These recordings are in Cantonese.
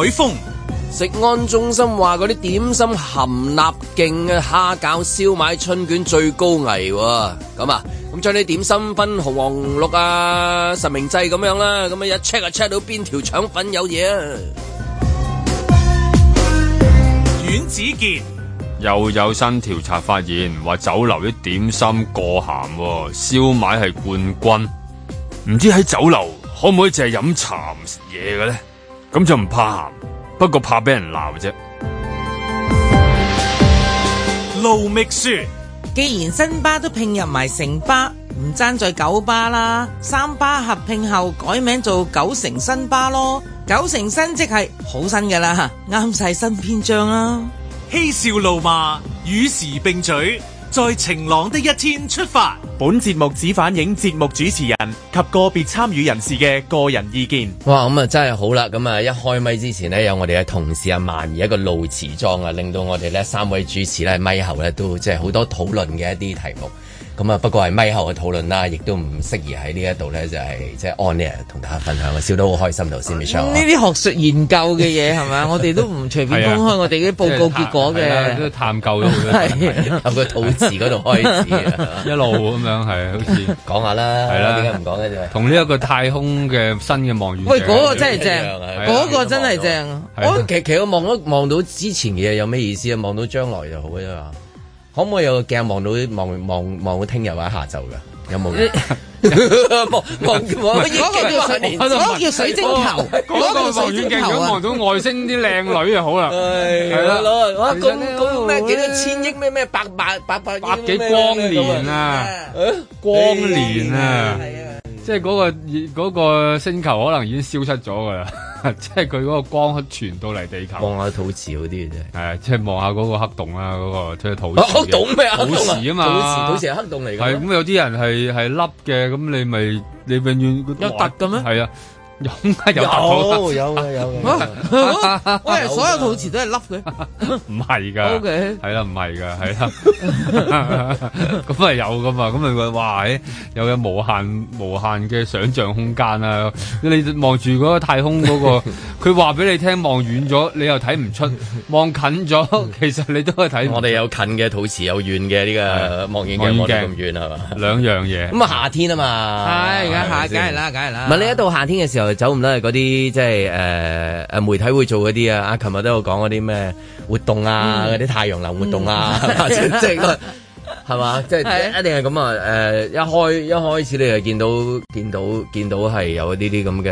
海風食安中心話嗰啲點心含鈉勁嘅蝦餃、燒賣、春卷最高危，咁啊，咁將啲點心分紅黃綠啊、實名制咁樣啦、啊，咁啊一 check 就 check 到邊條腸粉有嘢啊！阮子健又有新調查發現，話酒樓啲點心過咸、啊，燒賣係冠軍，唔知喺酒樓可唔可以淨係飲茶唔食嘢嘅咧？咁就唔怕鹹，不過怕俾人鬧啫。路覓說，既然新巴都拼入埋城巴，唔爭在九巴啦，三巴合併後改名做九成新巴咯，九成新即係好新噶啦，啱晒新篇章啦。嬉笑怒罵，與時並舉。在晴朗的一天出發。本節目只反映節目主持人及個別參與人士嘅個人意見。哇，咁、嗯、啊真係好啦，咁、嗯、啊一開咪之前呢，有我哋嘅同事阿曼兒一個露齒妝啊，令到我哋咧三位主持咧咪後咧都即係好多討論嘅一啲題目。咁啊，不過係咪後嘅討論啦，亦都唔適宜喺呢一度咧，就係即係 on 同大家分享，笑得好開心頭先嚟呢啲學術研究嘅嘢係咪啊？我哋都唔隨便公開我哋啲報告結果嘅。即係探，究係探咗好個肚字嗰度開始，一路咁樣係。好似講下啦，係啦，點解唔講咧？就同呢一個太空嘅新嘅望遠鏡。喂，嗰個真係正，嗰個真係正。我其實其望到望到之前嘢有咩意思啊？望到將來就好啊。可唔可以有個鏡望到望望望到聽日或者下晝噶？有冇？望望望，嗰個眼鏡叫水晶，嗰個叫水晶球，嗰個望遠鏡想望到外星啲靚女就好啦。係咯，咁咁咩？幾多千億？咩咩？百百百百？幾光年啊？光年啊？即係嗰個嗰個星球可能已經消失咗噶啦。 即係佢嗰個光傳到嚟地球，望下肚臍嗰啲啫，係啊，即係望下嗰個黑洞啦、啊，嗰、嗰個即係肚臍，黑洞咩啊？黑洞啊，肚臍啊，黑洞嚟嘅。係咁，有啲人係係凹嘅，咁你咪你永遠有凸突嘅咩？係啊。有啊，有肚臍有有喂，所有肚臍都係凹嘅，唔係噶，係啦，唔係噶，係啦，咁咪有噶嘛，咁咪話，哇，有嘅無限無限嘅想象空間啊！你望住嗰個太空嗰個，佢話俾你聽，望遠咗你又睇唔出，望近咗其實你都係睇，我哋有近嘅肚臍，有遠嘅呢個望遠鏡望咁遠係嘛？兩樣嘢，咁啊夏天啊嘛，係而家夏，梗係啦，梗係啦，唔係你一到夏天嘅時候。走唔甩係嗰啲，即係誒誒媒體會做嗰啲啊。啊，琴日都有講嗰啲咩活動啊，嗰啲太陽能活動啊，即係係嘛，即係一定係咁啊。誒，一開一開始你就見到見到見到係有呢啲啲咁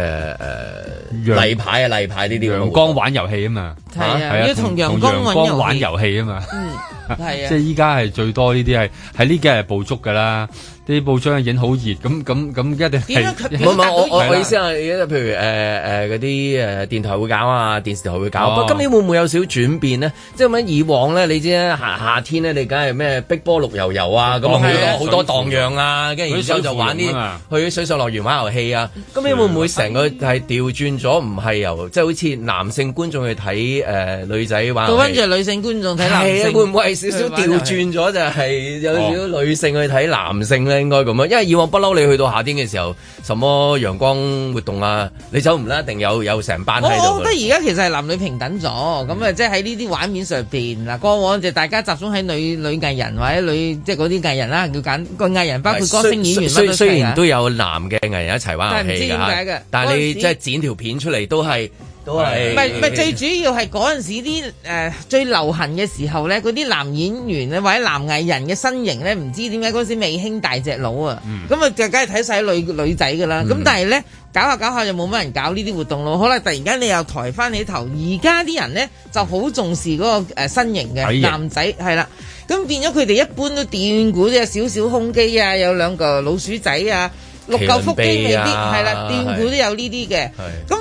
嘅，誒，例牌啊例牌呢啲陽光玩遊戲啊嘛，係啊，要同陽光玩遊戲啊嘛，嗯，係啊，即係依家係最多呢啲係喺呢幾日係捕捉噶啦。啲報章嘅影好熱，咁咁咁一定係唔唔，我我，我意思係，而家譬如誒誒嗰啲誒電台會搞啊，電視台會搞。咁、哦、今年會唔會有少少轉變咧？即、就、係、是、以往咧，你知咧夏，夏天咧，你梗係咩碧波綠油油啊，咁好、哦、多好多盪漾啊，跟住之後就玩啲、啊、去水上樂園玩遊戲啊。今年會唔會成個係調轉咗，唔係由即係好似男性觀眾去睇誒、呃、女仔玩？個跟住係女性觀眾睇男性。係會唔會係少少調轉咗？就係有少少女性去睇男性咧？哦應該咁樣，因為以往不嬲，你去到夏天嘅時候，什麼陽光活動啊，你走唔甩，一定有有成班喺度。我覺得而家其實係男女平等咗，咁啊的，即係喺呢啲畫面上邊嗱，過往就大家集中喺女女藝人或者女即係嗰啲藝人啦，要揀個藝人，包括歌星、演員啦，都雖,雖,雖,雖,雖然都有男嘅藝人一齊玩遊戲嘅，但係唔知點解嘅。但係你即係時剪條片出嚟都係。唔係唔係，最主要係嗰陣時啲誒最流行嘅時候咧，嗰啲男演員或者男藝人嘅身形咧，唔知點解嗰陣時未興大隻佬啊，咁啊梗係睇晒女女仔噶啦。咁、嗯、但係咧搞下搞下就冇乜人搞呢啲活動咯。可能突然間你又抬翻起頭，而家啲人咧就好重視嗰個身形嘅型男仔係啦。咁變咗佢哋一般都電鼓都有少少胸肌啊，有兩個老鼠仔啊，六嚿腹肌未必係啦，電鼓都有呢啲嘅咁。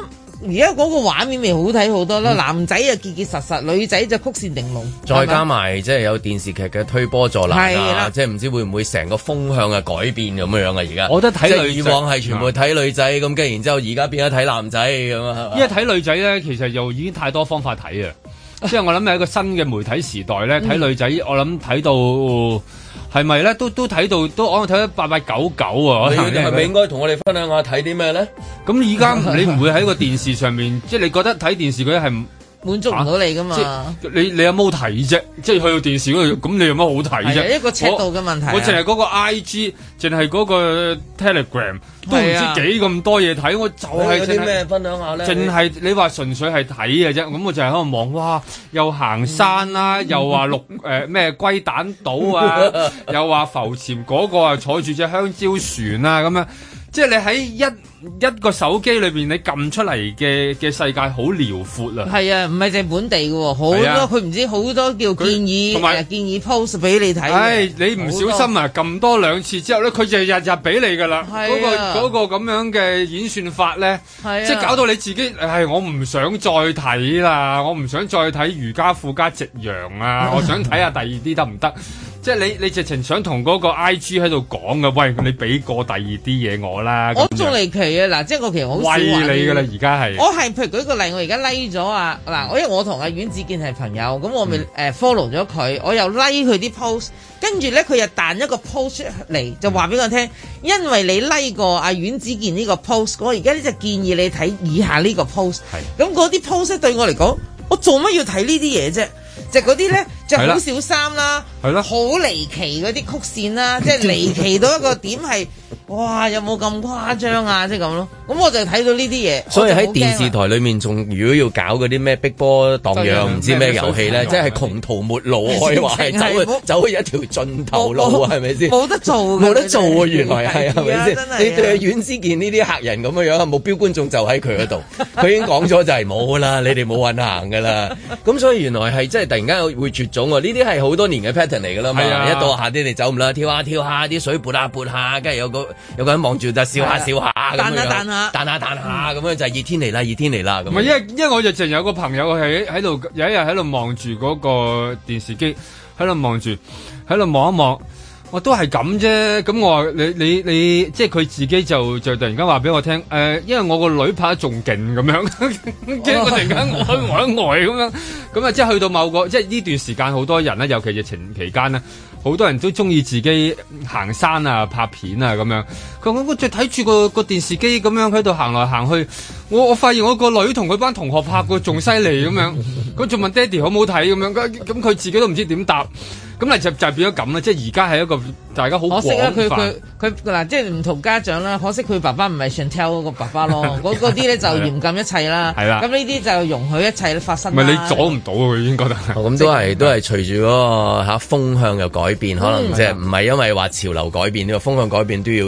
而家嗰個畫面咪好睇好多咯，嗯、男仔又結結實實，女仔就曲線玲瓏。再加埋吧即係有電視劇嘅推波助瀾啊，的即係唔知會唔會成個風向嘅改變咁樣樣啊！而家我覺得睇女，以往係全部睇女仔咁，跟然之後而家變咗睇男仔咁啊。因為睇女仔咧，其實又已經太多方法睇啊！即係我諗喺一個新嘅媒體時代咧，睇女仔，我諗睇到。呃係咪咧？都都睇到，都可能睇到八八九九啊！你係咪應該同我哋分享下睇啲咩咧？咁而家你唔會喺個電視上面， 即係你覺得睇電視佢係唔？滿足唔到你噶嘛？啊、你你有冇睇啫？即係去到電視嗰度，咁你有乜好睇啫、啊？一個尺度嘅問題、啊。我淨係嗰個 IG，淨係嗰個 Telegram，都唔知幾咁多嘢睇。我就係有啲咩分享下呢？淨係你話純粹係睇嘅啫。咁我就係喺度望，哇！又行山啦，又話綠誒咩龜蛋島啊，嗯、又話浮潛，嗰個啊坐住隻香蕉船啊咁樣。即係你喺一一個手機裏邊，你撳出嚟嘅嘅世界好遼闊啊！係啊，唔係淨本地㗎喎，好多佢唔、啊、知好多叫建議，同埋它、呃、建議 post 俾你睇。唉、哎，你唔小心啊！撳多，多兩次之後咧，佢就日日俾你㗎啦。係啊，嗰、那個咁、那個、樣嘅演算法咧，啊、即係搞到你自己，唉，我唔想再睇啦，我唔想再睇瑜伽富家夕陽啊， 我想睇下第二啲得唔得？.即係你，你直情想同嗰個 I G 喺度講嘅，喂，你俾個第二啲嘢我啦。我仲嚟奇啊，嗱，即係我其實好為你噶啦，而家係。我係譬如舉個例，我而家 like 咗啊，嗱、嗯，我因為我同阿阮子健係朋友，咁我咪誒 follow 咗佢，嗯、我又 like 佢啲 post，跟住咧佢又彈一個 post 出嚟，就話俾我聽，嗯、因為你 l、like、i 過阿阮子健呢個 post，我而家呢就建議你睇以下呢個 post 的。係。咁嗰啲 post 對我嚟講，我做乜要睇呢啲嘢啫？就嗰啲咧。 就好少衫啦，好離奇嗰啲曲線啦，即係離奇到一個點，係哇！有冇咁誇張啊？即係咁咯。咁我就睇到呢啲嘢。所以喺電視台裏面，仲如果要搞嗰啲咩碧波蕩漾，唔知咩遊戲咧，即係窮途末路，可以話係走走去一條盡頭路，係咪先？冇得做，冇得做啊，原來係，係咪先？你哋遠之見呢啲客人咁樣樣，目標觀眾就喺佢嗰度。佢已經講咗就係冇啦，你哋冇運行噶啦。咁所以原來係即係突然間會絕。呢啲係好多年嘅 pattern 嚟㗎啦，是啊、一到夏天你走唔甩，跳下、啊、跳下、啊、啲水撥下撥下，跟住有個有個人望住就笑下笑下，彈下彈下，彈下彈下咁樣就係、是、熱天嚟啦，熱天嚟啦咁。唔係，因為因為我日前有，有個朋友喺喺度有一日喺度望住嗰個電視機，喺度望住，喺度望一望。都我都係咁啫，咁我話你你你，即係佢自己就就突然間話俾我聽，誒、呃，因為我個女拍得仲勁咁樣，即係我突然間外外外咁樣，咁啊，即係去到某個，即係呢段時間，好多人咧，尤其疫情期間咧，好多人都中意自己行山啊、拍片啊咁樣。佢我我就睇住個個電視機咁樣喺度行來行去，我我發現我個女同佢班同學拍過仲犀利咁樣，佢仲問爹哋好唔好睇咁樣，咁佢自己都唔知點答。咁咪就就變咗咁啦，即係而家係一個大家好廣泛。可惜啊，佢佢佢嗱，即係唔同家長啦。可惜佢爸爸唔係 Chantel 嗰個爸爸咯。嗰啲咧就嚴禁一切啦。係啦 的。咁呢啲就容許一切發生。唔係你阻唔到佢，已經覺得。咁都係都係隨住嗰個嚇風向又改變，可能、哦嗯、即係唔係因為話潮流改變呢個風向改變都要。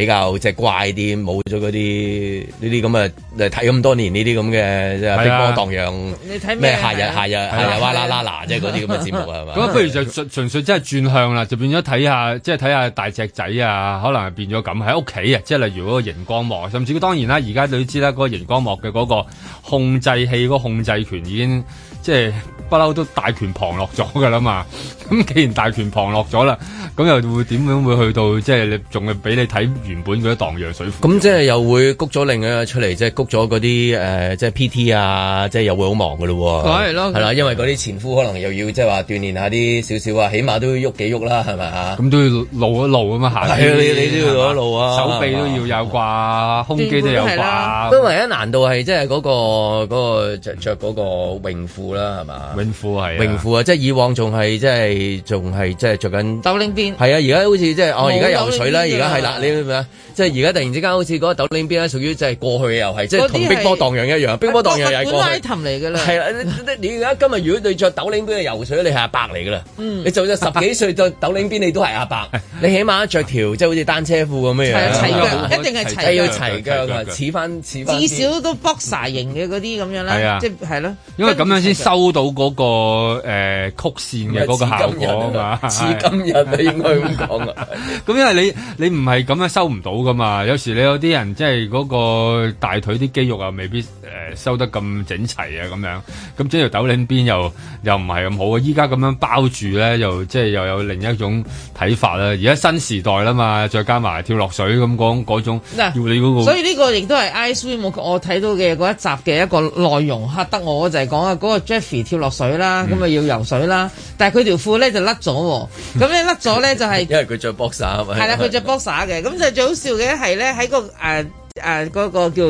比較即係怪啲，冇咗嗰啲呢啲咁嘅，嚟睇咁多年呢啲咁嘅即係波浪蕩漾，咩夏、啊、日夏日夏、啊、日，日、啊、哇啦啦啦，即係嗰啲咁嘅節目係嘛？咁 吧不如就純粹真係轉向啦，就變咗睇下，即係睇下大隻仔啊，可能變咗咁喺屋企啊，即係例如嗰個熒光幕，甚至當然啦，而家你知啦，嗰、嗰個熒光幕嘅嗰個控制器嗰個控制權已經。即係不嬲都大權旁落咗嘅啦嘛，咁既然大權旁落咗啦，咁又會點樣會去到即係你仲係俾你睇原本嗰啲蕩藥水？咁即係又會谷咗另一個出嚟，即係谷咗嗰啲誒，即係 PT 啊，即係又會好忙嘅咯喎。梗係咯，係啦，因為嗰啲前夫可能又要即係話鍛鍊下啲少少啊，起碼都要喐幾喐啦，係咪啊？咁都要露一露啊嘛，行。係啊，你都要露一露啊，手臂都要有啩，胸肌都有啩。不過唯一難度係即係嗰個嗰個著著嗰個泳褲。啦，係嘛，泳褲係，泳褲啊，即係以往仲係，即係仲係，即係着緊斗令邊，係啊，而家好似即係，哦，而家游水啦，而家係啦，你明唔明啊？即係而家突然之間，好似嗰個斗零邊咧，屬於即係過去嘅又係，即係同冰波盪漾一樣。冰波盪漾又係過去。本嚟噶啦。係啦，你而家今日如果你着斗零邊嘅游水，你係阿伯嚟噶啦。你就算十幾歲著斗零邊，你都係阿伯。你起碼着條即係好似單車褲咁樣。齊腳一定係齊腳。要齊腳似翻似翻。至少都 boxer 型嘅嗰啲咁樣啦。即係係咯。因為咁樣先收到嗰個誒曲線嘅嗰個效果。似今日你應該咁講啦。咁因為你你唔係咁樣收唔到噶。嘛，有時你有啲人即係嗰個大腿啲肌肉啊，未必誒收得咁整齊啊，咁樣咁將條斗領邊又又唔係咁好啊！依家咁樣包住咧，又即係又有另一種睇法啦。而家新時代啦嘛，再加埋跳落水咁講嗰種要你嗰個，所以呢個亦都係 Ice Cream 我睇到嘅一集嘅一個內容吓得我就係講啊嗰個 Jeffy 跳落水啦，咁啊要游水啦，但係佢條褲咧就甩咗喎。咁咧甩咗咧就係因為佢着 boxer 啊嘛，係咪係啦，佢着 boxer 嘅，咁就最好笑。做嘅係咧喺個誒誒嗰個叫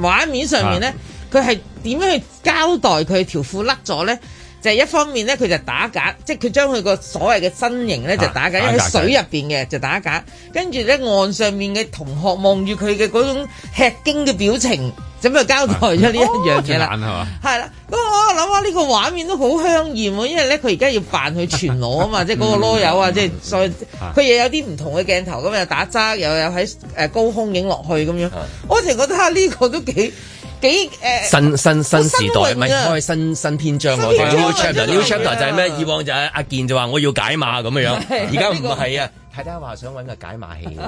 畫面上面咧，佢係點樣去交代佢條褲甩咗咧？就係、是、一方面咧，佢就打假，即係佢將佢個所謂嘅身形咧、uh, 就打假，因為喺水入邊嘅就打假，跟住咧岸上面嘅同學望住佢嘅嗰種吃驚嘅表情。咁就交代咗呢一樣嘢啦，係啦。咁我諗下呢個畫面都好香豔喎，因為咧佢而家要扮佢全裸啊嘛，即係嗰個囉柚啊，即係所以佢又有啲唔同嘅鏡頭，咁又打側，又有喺誒高空影落去咁樣。我淨覺得啊，呢個都幾幾誒新新新時代，唔係開新新篇章喎。New chapter，new chapter 就係咩？以往就係阿健就話我要解碼咁樣樣，而家唔係啊，睇睇話想揾個解碼器，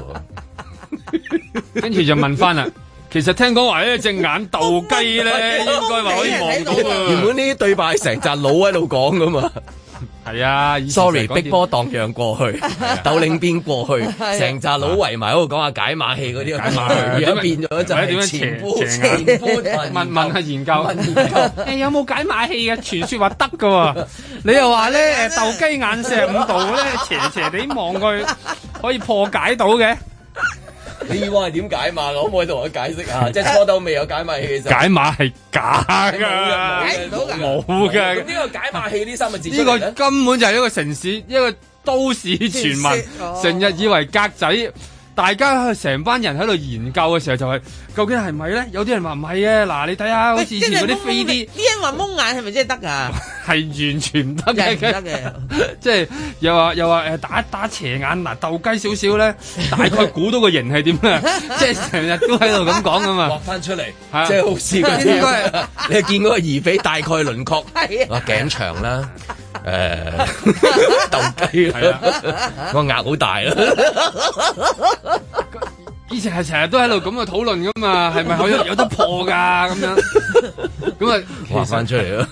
跟住就問翻啦。其實聽講話咧，隻眼鬥雞咧，應該話可以望到。原本呢啲對白成紮佬喺度講噶嘛，係啊。Sorry，碧波蕩漾過去，斗領邊過去，成紮佬圍埋喺度講下解碼器嗰啲。而家變咗就前呼前呼，問問下研究，誒，有冇解碼器嘅？傳說話得噶喎。你又話咧，鬥雞眼四五度咧，斜斜地望佢，可以破解到嘅。 你以為係點解碼？ 可唔可以同我解釋下？解即係初都未有解碼器，解碼係假噶，冇噶的。咁呢的的個解碼器呢三個字呢，呢、啊呢個根本就係一個城市，一個都市傳聞，成、哦、日以為格仔。大家成班人喺度研究嘅時候就係、是、究竟係咪係咧？有啲人話唔係啊！嗱，你睇下好似以前嗰啲飛啲，啲人話蒙眼係咪真係得啊？係 完全唔得嘅， 即係又話又話誒打打斜眼嗱鬥雞少少咧，點點哈哈大概估到個型係點啊？即係成日都喺度咁講噶嘛，畫翻出嚟即係好笑。 過，你見嗰個疑匪大概輪廓，話頸長啦。 誒，鬥雞係啊，個額好大啊！以前係成日都喺度咁嘅討論噶嘛，係咪 可以有有得破噶咁樣？ 咁啊，畫翻出嚟咯，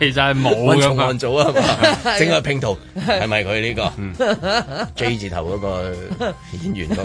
其實係冇嘅，按組啊嘛，整個拼圖係咪佢呢個 J 字頭嗰個演員咁？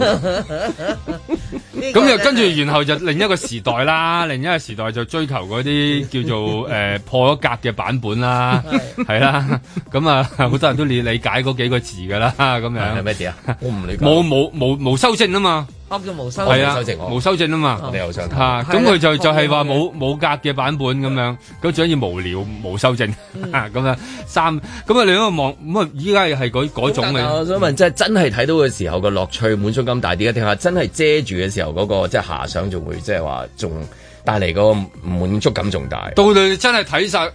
咁又、嗯、 跟住，然後就另一個時代啦，另一個時代就追求嗰啲叫做誒、呃、破咗格嘅版本啦，係啦、嗯。咁是啊，好多人都理理解嗰幾個字噶啦，咁樣係咩點啊？我唔理解，冇冇冇冇修正啊嘛，啱叫冇修正，係啊，冇修正啊嘛，我哋又想吓，咁佢、啊嗯、就就係、是、話冇冇格嘅版本咁樣，咁最緊要無聊冇修正咁、嗯、 樣三，咁啊你嗰個望，咁啊依家係改改種嘅。大大 我想問，即係真係睇到嘅時候，樂滿時候，那個樂趣滿足感大啲啊？聽下真係遮住嘅時候嗰個即係遐想仲會即係話仲帶嚟個滿足感仲大。到你真係睇晒。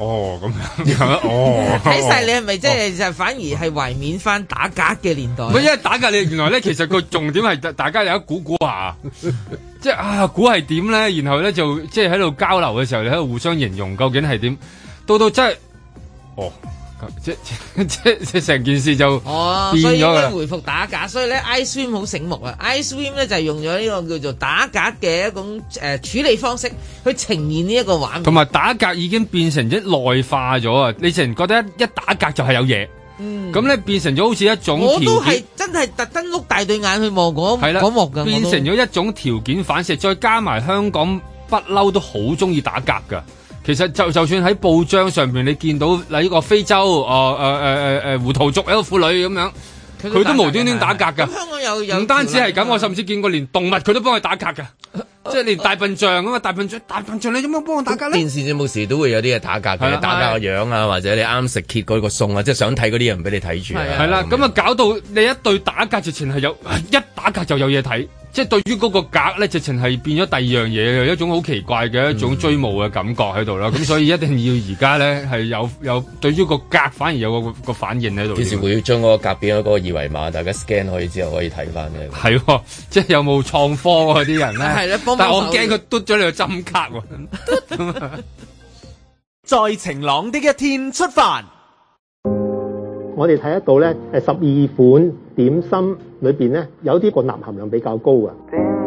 哦，咁樣，哦，睇曬 你係咪即係就反而係懷緬翻打格嘅年代？因為打格你原來咧，其實個重點係大家有一估估下， 即係啊估係點咧，然後咧就即係喺度交流嘅時候，你喺度互相形容究竟係點，到到真係。哦。即即即成件事就哦，所以應該回覆打格。 所以咧，Ice Cream 好醒目啊！Ice Cream 咧就用咗呢個叫做打格嘅一種誒、呃、處理方式去呈現呢一個畫面。同埋打格已經變成一內化咗啊！你成然覺得一,一打格就係有嘢，咁咧、嗯、變成咗好似一種我都係真係特登碌大對眼去望嗰嗰幕嘅，變成咗一種條件反射，再加埋香港不嬲都好中意打格噶。其實就就算喺報章上邊，你見到嗱呢個非洲誒誒誒誒誒，胡圖族一個婦女咁樣，佢都無端端打格噶。香港有唔單止係咁，我甚至見過連動物佢都幫佢打格噶，即係連大笨象啊嘛，大笨象大笨象，你做乜幫我打格咧？電視節冇時都會有啲嘢打格打格個樣啊，或者你啱食揭嗰個餸啊，即係想睇嗰啲嘢唔俾你睇住。係啦，咁啊搞到你一對打格，就前係有一打格就有嘢睇。 即係對於嗰個格咧，直情係變咗第二樣嘢，嘅一種好奇怪嘅一種追慕嘅感覺喺度啦。咁 所以一定要而家咧係有有對於個格反而有個個反應喺度。其實會要將嗰個格變咗嗰個二維碼，大家 scan 可以之後可以睇翻嘅。係、 嗯，即係有冇創科嗰啲人咧？係咧、 啊，但係我驚佢嘟咗你個針格、啊、 再晴朗一啲嘅一天出發。我哋睇得到咧，誒，十二款點心裏邊咧，有啲個鈉含量比較高嘅。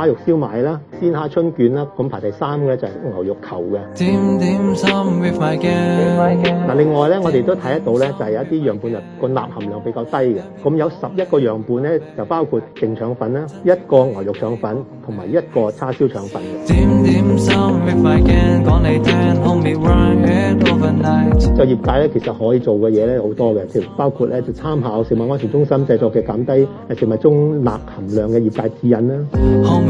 蝦肉燒賣啦，鮮蝦春捲啦，咁排第三嘅就係牛肉球嘅。嗱，另外咧，我哋都睇得到咧，就係一啲樣本入個鈉含量比較低嘅。咁有十一個樣本咧，就包括淨腸粉啦，一個牛肉腸粉同埋一個叉燒腸粉嘅。就業界咧，其實可以做嘅嘢咧好多嘅，包括咧就參考食物安全中心製作嘅減低誒食物中鈉含量嘅業界指引啦。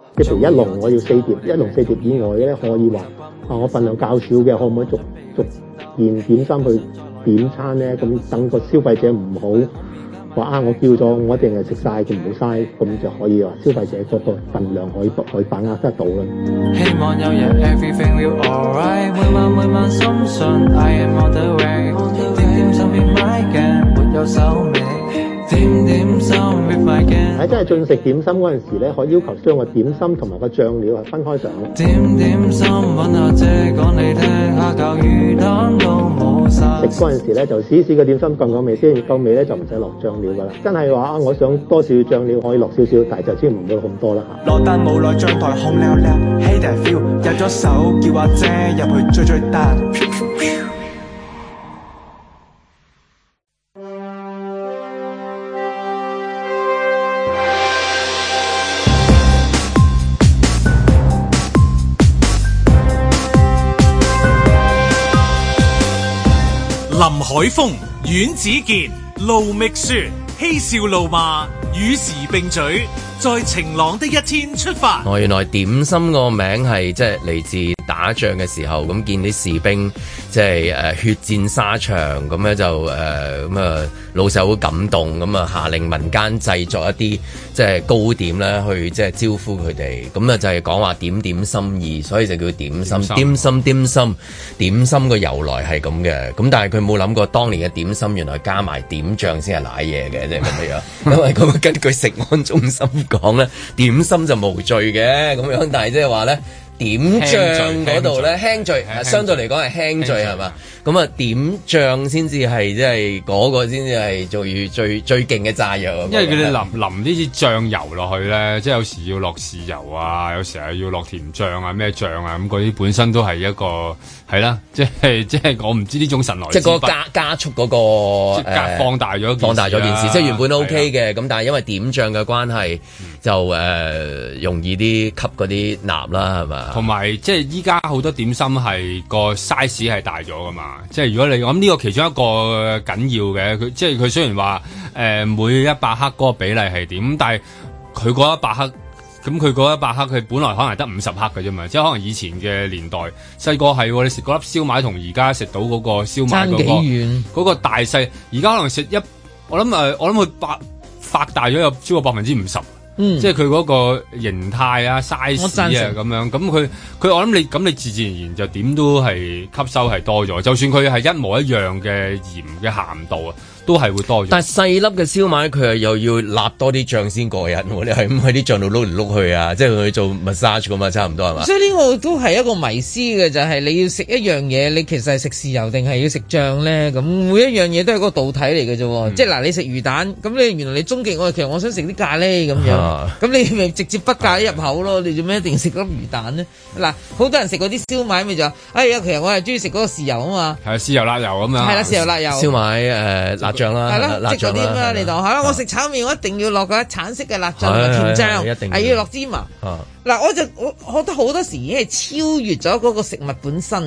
譬如一籠我要四碟，一籠四碟以外嘅咧可以話，啊我份量較少嘅可唔可以逐逐件點心去點餐咧？咁等個消費者唔好話啊，我叫咗我一定係食曬，佢唔好嘥，咁就可以話消費者嗰個份量可以可可以把握得到嘅。喺真係進食點心嗰陣時咧，可以要求將個點心同埋個醬料係分開上。食嗰陣時咧，就試試個點心噉個味先，夠味咧就唔使落醬料㗎啦。真係話，我想多少醬料可以落少少，但係就千祈唔好咁多啦嚇。海峰、阮子健、盧覓雪，嬉笑怒罵，與時並舉。在晴朗的一天出發。哦，原來點心個名，係即係嚟自打仗嘅時候，咁見啲士兵即係誒血戰沙場，咁咧就誒咁啊老細好感動，咁啊下令民間製作一啲即係糕點咧，去即係、即係、招呼佢哋，咁啊就係講話點點心意，所以就叫點心。點心點心、點心個由來係咁嘅，咁但係佢冇諗過，當年嘅點心原來加埋點醬先係瀨嘢嘅，即係咁樣。因為咁啊，根據食安中心。 講咧點心就無罪嘅咁樣。但係即係話咧點醬嗰度咧輕罪，輕罪啊、相對嚟講係輕罪係嘛？罪咁啊、嗯，點醬先至係即係嗰個先至係屬最最勁嘅炸藥。那個、因為佢哋淋淋啲啲醬油落去咧，即係有時要落豉油啊，有時係要落甜醬啊，咩醬啊，咁嗰啲本身都係一個係啦，即係即係我唔知呢種神來。即係個加加速嗰、那個放大咗、啊、放大咗件事，啊、即係原本都 OK 嘅，咁的但係因為點醬嘅關係，就誒、呃、容易啲吸嗰啲鈉啦，係嘛？同埋即係依家好多點心係個 size 係大咗噶嘛。即係如果你諗呢個其中一個緊要嘅，佢即係佢雖然話誒、呃、每一百克嗰個比例係點，但係佢嗰一百克咁，佢嗰一百克佢本來可能得五十克嘅啫嘛，即係可能以前嘅年代，細個係你食嗰粒燒賣同而家食到嗰個燒賣個嗰個大細，而家可能食一我諗誒，我諗佢百發大咗有超過百分之五十。嗯、即係佢嗰個形態啊、size 啊咁樣，咁佢佢我諗你咁你自自然然就點都係吸收係多咗，就算佢係一模一樣嘅鹽嘅鹹度啊。都係會多咗，但係細粒嘅燒賣佢又又要淋多啲醬先過癮，你係咁喺啲醬度碌嚟碌去啊，即係佢去做 massage 㗎嘛，差唔多係嘛？所以呢個都係一個迷思嘅，就係、是、你要食一樣嘢，你其實係食豉油定係要食醬咧？咁每一樣嘢都係個導體嚟嘅啫，嗯、即係嗱，你食魚蛋，咁你原來你終極我其實我想食啲咖喱咁樣，咁、啊、你咪直接不加入口咯？的你做咩一定要食粒魚蛋咧？嗱的，好多人食嗰啲燒賣咪就，哎呀，其實我係中意食嗰個豉油啊嘛，係啊，豉油辣油咁樣，係啦，豉油辣油，燒賣誒辣醬啦，即嗰啲啦，呢度係咯。說的我食炒麵，我一定要落嗰啲橙色嘅辣醬同的甜醬，一定係要落芝麻。嗱，我就我覺得好多時已經係超越咗嗰個食物本身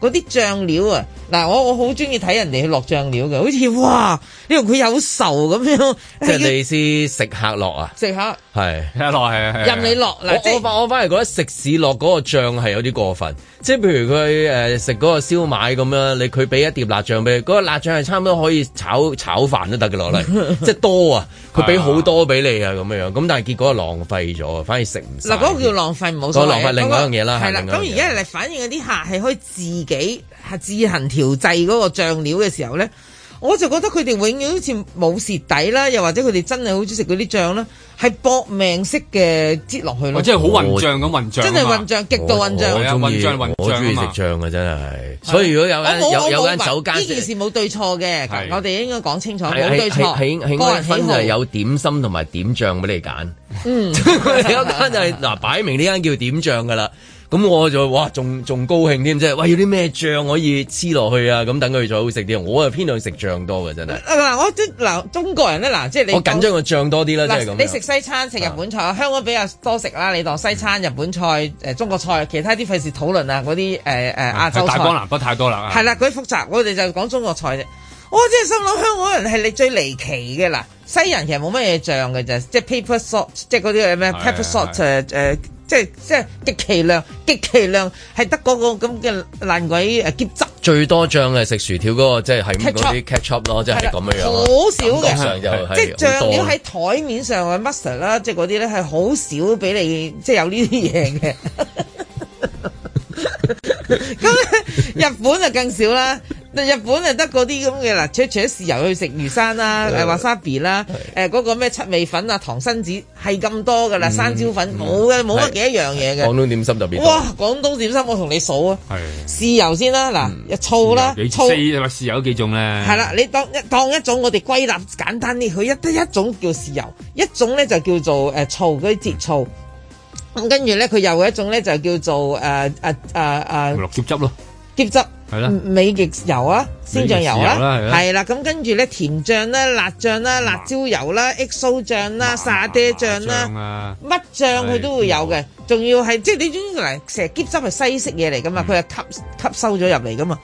嗰啲、嗯、醬料啊，嗱，我我好中意睇人哋落醬料嘅，好似哇你同佢有仇咁樣，即係你試食客落啊，食客係是食客係啊，任你落嗱、就是，我我我反而覺得食肆落嗰個醬係有啲過分，即係譬如佢誒、呃、食嗰個燒賣咁樣，你佢俾一碟辣醬俾你，嗰、那個辣醬係差唔多可以炒炒飯都得嘅落嚟， 即係多啊，佢俾好多俾你啊咁樣，咁但係結果係浪費咗，反而食唔都叫浪費，唔好浪費另外一樣嘢啦。係的啦，咁而家嚟反映嗰啲客係可以自己係自行調製嗰個醬料嘅時候咧。我就覺得佢哋永遠好似冇蝕底啦，又或者佢哋真係好中意食嗰啲醬啦，係搏命式嘅擠落去咯，哦，即係好混醬咁混醬，真係混醬極度混醬。我中意我中意食醬嘅真係，所以如果有間我有有，有間酒間呢件事冇對錯嘅，的的我哋應該講清楚冇對錯。喺喺喺喺嗰間分係有點心同埋點醬俾你揀，嗯，有間 就係、是、嗱、啊，擺明呢間叫點醬㗎啦。咁我就哇，仲仲高興添即係！哇，要啲咩醬可以黐落去啊？咁等佢再好食啲，我啊偏向食醬多嘅，真係嗱，我即嗱中國人咧，嗱即係你我緊張個醬多啲啦，即係咁。你食西餐、食日本菜，香港比較多食啦。你當西餐、日本菜、誒中國菜，其他啲費事討論啊，嗰啲誒誒亞洲菜大江南北太多啦，係啦，嗰啲複雜，我哋就講中國菜啫。我真係心諗香港人係你最離奇嘅啦。西人其實冇乜嘢醬嘅啫，即係 pepper sauce，即係嗰啲誒咩 pepper sauce 即係即係極其量，極其量係得嗰個咁嘅爛鬼誒結集。最多醬係食薯條嗰個，即係係嗰啲 ketchup 咯，即係咁嘅樣。好少嘅，即係醬料喺台面上嘅 mustard 啦，即係嗰啲咧係好少俾你即係有呢啲嘢嘅。咁日本就更少啦。日本啊，得嗰啲咁嘅嗱，除咗豉油去食魚生啦，誒 wasabi 啦，誒嗰個咩七味粉啊、唐辛子係咁多噶啦，山椒粉冇嘅，冇乜幾多樣嘢嘅。廣東點心特別多。哇！廣東點心我同你數啊，豉油先啦，嗱，醋啦，醋啊，豉油幾種咧？係啦，你當一當一種，我哋歸納簡單啲，佢一得一種叫豉油，一種咧就叫做誒醋嗰啲浙醋，咁跟住咧佢又一種咧就叫做誒誒誒誒綠椒汁咯，椒汁。係啦，美極油啊，鮮醬油啦，係啦，咁跟住咧，甜醬啦，辣醬啦，辣椒油啦，XO 醬啦，沙爹醬啦，乜醬佢都會有嘅。仲要係即係你總之嚟成日吸收係西式嘢嚟噶嘛，佢係吸吸收咗入嚟噶嘛。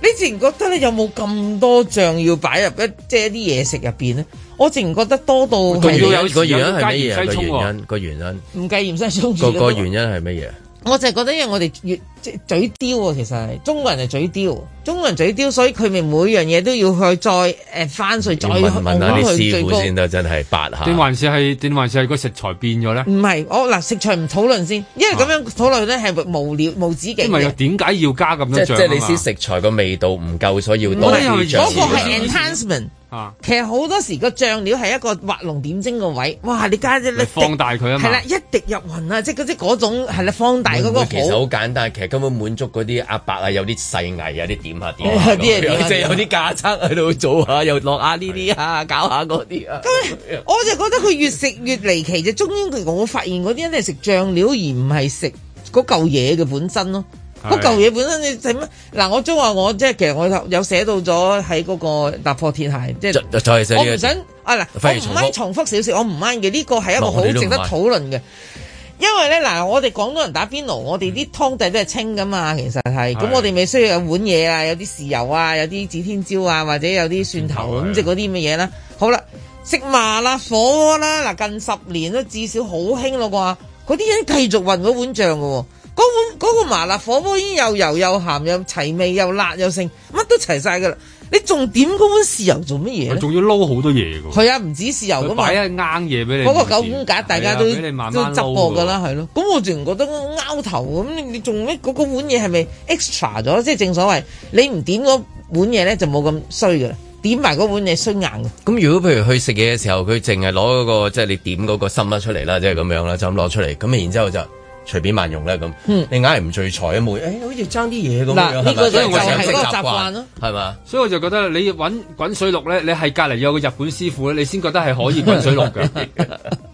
你自然覺得咧，有冇咁多醬要擺入一即係一啲嘢食入邊咧？我自然覺得多到佢要有個原因，係乜嘢？個原因個原因唔計鹽生蔥個個原因係乜嘢？我就係覺得，因為我哋越嘴刁啊、哦，其實係中國人係嘴刁，中國人嘴刁，所以佢咪每樣嘢都要去再誒翻去，再問下啲師傅先，真係八下。點還是係點還是係個食材變咗咧？唔係我嗱，食材唔討論先，因為咁樣討論咧係無聊、啊、無止境。唔係又點解要加咁多醬、啊即？即係你先食材個味道唔夠，所以要多啲醬。嗰個係 enhancement。啊！其實好多時個醬料係一個畫龍點睛嘅位，哇！你加啲你放大佢啊嘛，係啦，一滴入魂啊，即係嗰啲嗰種係啦，放大嗰個。會會其實好簡單，其實根本滿足嗰啲阿伯啊，有啲細藝有啲點下點啊啲，即係有啲架撐喺度做下，又落下呢啲啊，的搞下嗰啲啊。咁樣 我就覺得佢越食越離奇啫。終於我會發現嗰啲人係食醬料而唔係食嗰嚿嘢嘅本身咯。嗰嚿嘢本身你整乜嗱？我都話我即係其實我有寫到咗喺嗰個突破天下，即係我唔想啊嗱，唔啱重複少少，我唔啱嘅呢個係一個好值得討論嘅，因為咧嗱，我哋廣東人打邊爐，我哋啲湯底都係清噶嘛，其實係咁，是我哋咪需要有碗嘢啊，有啲豉油啊，有啲指天椒啊，或者有啲蒜頭咁即係嗰啲咁嘅嘢啦。好啦，食麻辣火鍋啦嗱，近十年都至少好興咯啩，嗰啲人繼續混嗰碗醬嘅喎。嗰碗嗰個麻辣火鍋已經又油又鹹又齊味又辣又剩，乜都齊晒噶啦！你仲點嗰碗豉油做乜嘢啊？仲要撈好多嘢㗎！係啊，唔止豉油咁啊！擺一硬嘢俾你嗰個九五格，大家都都執過㗎啦，係咯。咁我仲覺得拗、那個、頭咁，你你仲咩？嗰、那個、碗嘢係咪 extra 咗？即、就、係、是、正所謂，你唔點嗰碗嘢咧，就冇咁衰噶啦！點埋嗰碗嘢衰硬。咁如果譬如去食嘢嘅時候，佢淨係攞嗰個即係你點嗰個心粒出嚟啦，即係咁樣啦，就咁、是、攞、就是就是、出嚟，咁然之後，後就。隨便萬用咧咁，你硬係唔聚財啊吧！每誒好似爭啲嘢咁樣，所以我就係嗰個習慣咯，係嘛？所以我就覺得你揾滾水淥咧，你係隔離有個日本師傅咧，你先覺得係可以滾水淥嘅。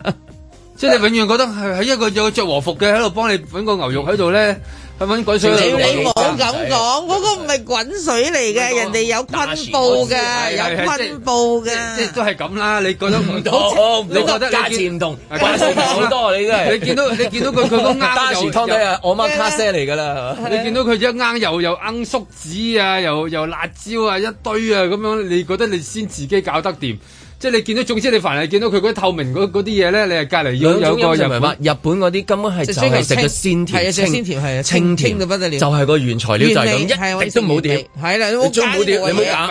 即係你永遠覺得係喺一個有着和服嘅喺度幫你揾個牛肉喺度咧。佢搵滾水，你冇咁講，嗰個唔係滾水嚟嘅，人哋有昆布嘅，有昆布嘅，即係都係咁啦。你覺得唔同，你覺得價錢唔同，差好多，你真係。你見到你見到佢佢都啱就，湯底啊，我媽卡西嚟㗎啦。你見到佢一啱又又罌粟子啊，又又辣椒啊，一堆啊咁樣，你覺得你先自己搞得掂。即係你見到，總之你凡係見到佢嗰啲透明嗰啲嘢咧，你係隔籬要有個日本嗰啲，根本係就係食個鮮甜，係啊，鮮甜得不得了。就係個原材料就係咁，一滴都冇點，係啦，你冇加，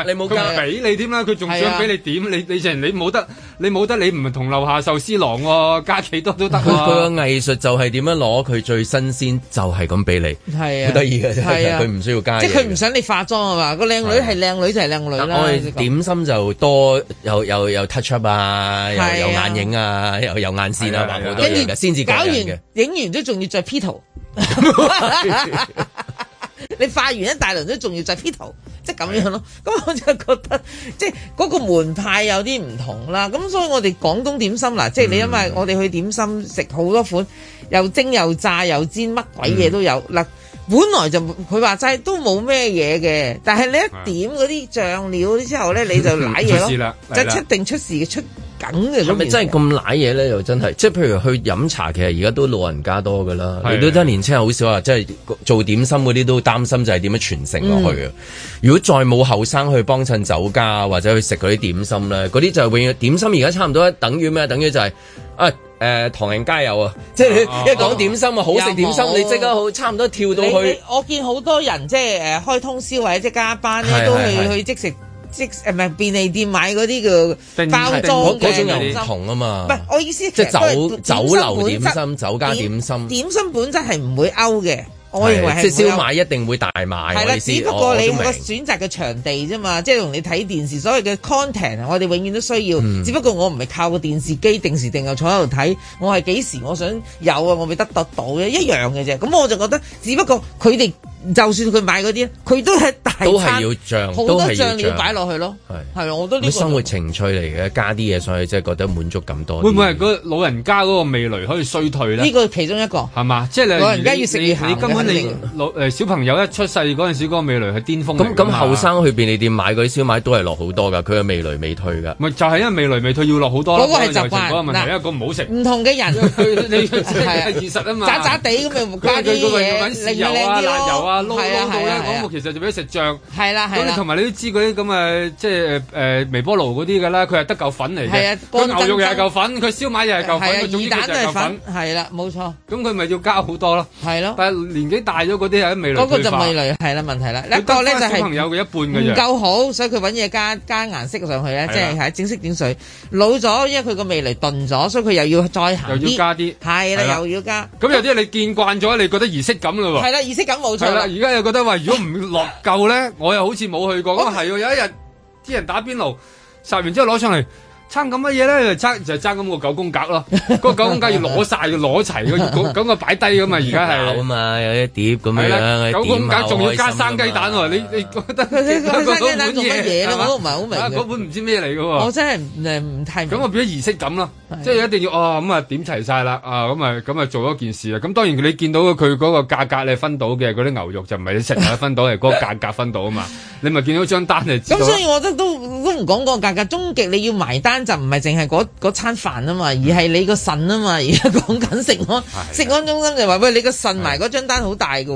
你冇加，佢咪俾你添啦，佢仲想俾你點，你你成你冇得。你冇得你唔係同樓下壽司郎加幾多都得，啊，佢個藝術就係點樣攞佢最新鮮，就係咁俾你，係啊，好得意嘅，佢唔、啊、需要加、啊、即係佢唔想你化妝啊嘛，個靚女係靚女就係靚女啦。我哋點心就多又又又 touch up 啊，又、啊、眼影啊，又有，有眼線啊，跟住先至搞完，影完都仲要着 P 圖。 你化完一大輪都仲要就 P 圖，即係咁樣咯。咁是的 我就覺得即係嗰、嗰個門派有啲唔同啦。咁所以我哋廣東點心嗱，嗯、即係你因為我哋去點心食好多款，又蒸又炸又煎，乜鬼嘢都有嗱。嗯、本來就佢話齋都冇咩嘢嘅，但係你一點嗰啲醬料之後咧，是的 你就瀨嘢咯。出事啦！即係出定出事嘅出。咁，咪真係咁賴嘢咧？又真係，即係譬如去飲茶，其實而家都老人家多噶啦，的你都得年青人好少啊！即、就、係、是、做點心嗰啲都擔心，就係點樣傳承落去啊？嗯、如果再冇後生去幫襯酒家或者去食嗰啲點心咧，嗰啲就永遠點心而家差唔多等於咩？等於就係、是哎呃、啊誒唐人街有啊，即係你一講點心啊，好食點心，你即刻好我差唔多跳到去。我見好多人即係誒開通宵或者即係加班咧，都去的都去即食，食。即誒唔係便利店買嗰啲叫包裝嘅，嗰種又唔心同啊嘛。唔係，我意思，即係酒酒樓點心、酒家點心，點，點心本質係唔會勾嘅。我認為即係燒賣一定會大賣，係啦。只不過你個選擇嘅場地啫嘛，即係同你睇電視所謂嘅 content，我哋永遠都需要。嗯、只不過我唔係靠個電視機定時定候坐喺度睇，我係幾時我想有啊，我咪得得到嘅一樣嘅啫。咁我就覺得，只不過佢哋就算佢買嗰啲，佢都係大都係要醬，好多醬料要都係要擺落去咯。係係的我都呢個生活情趣嚟嘅，加啲嘢上去即係覺得滿足咁多。會唔會係個老人家嗰個味蕾可以衰退呢？呢個其中一個係嘛？即係、就是、老人家要越食越你老，誒小朋友一出世嗰陣時，嗰個味蕾係巔峰。咁咁後生去便利店買嗰啲燒賣都係落好多噶，佢嘅味蕾未退噶。咪就係因為味蕾未退要落好多。嗰個係習慣嗰個問題，一個唔好食。唔同嘅人，佢你係現實啊嘛。渣渣地咁咪加啲嘢，靚唔靚啲咯？油啊，油啊，撈撈到咧，嗰其實就俾食醬。係啦，係啦。咁你同埋你都知嗰啲咁嘅即係誒微波爐嗰啲嘅啦，佢係得嚿粉嚟嘅。佢牛肉又係嚿粉，佢燒賣又係嚿粉，佢魚蛋都係嚿粉。係啦，冇錯。咁佢咪要加好多咯？係咯，但係你大咗嗰啲係味蕾，嗰個就味蕾係啦問題啦。一個咧就係小朋友嘅一半嘅，唔夠好，所以佢揾嘢加加顏色上去咧，即係係整色整水。老咗，因為佢個味蕾鈍咗，所以佢又要再行。又要加啲，係啦，又要加。咁有啲你見慣咗，你覺得儀式感咯喎。係啦，儀式感冇錯。係啦，而家又覺得話，如果唔落夠咧，我又好似冇去過。係，有一日啲人打邊爐，殺完之後攞上嚟。爭咁乜嘢咧？就爭就係咁個九宮格咯，嗰九宮格要攞晒，要攞齊，咁咁個擺低咁嘛。而家係啊嘛，有一碟咁樣嗰九宮格，仲要加生雞蛋喎？你你覺得加生雞蛋做乜嘢咧？我都唔係好明。嗰本唔知咩嚟嘅喎。我真係誒唔太明。咁啊，變咗儀式感咯，即係一定要哦，咁啊點齊晒啦啊，咁啊咁啊做咗件事啦。咁當然你見到佢嗰個價格你分到嘅嗰啲牛肉就唔係你食埋分到，係嗰個價格分到啊嘛。你咪見到張單就知。咁所以我都都都唔講個價格，終極你要埋單。就唔係淨係嗰嗰餐飯啊嘛，而係你個腎啊嘛。而家講緊食安，食安中心就話，喂，你個腎埋嗰張單好大噶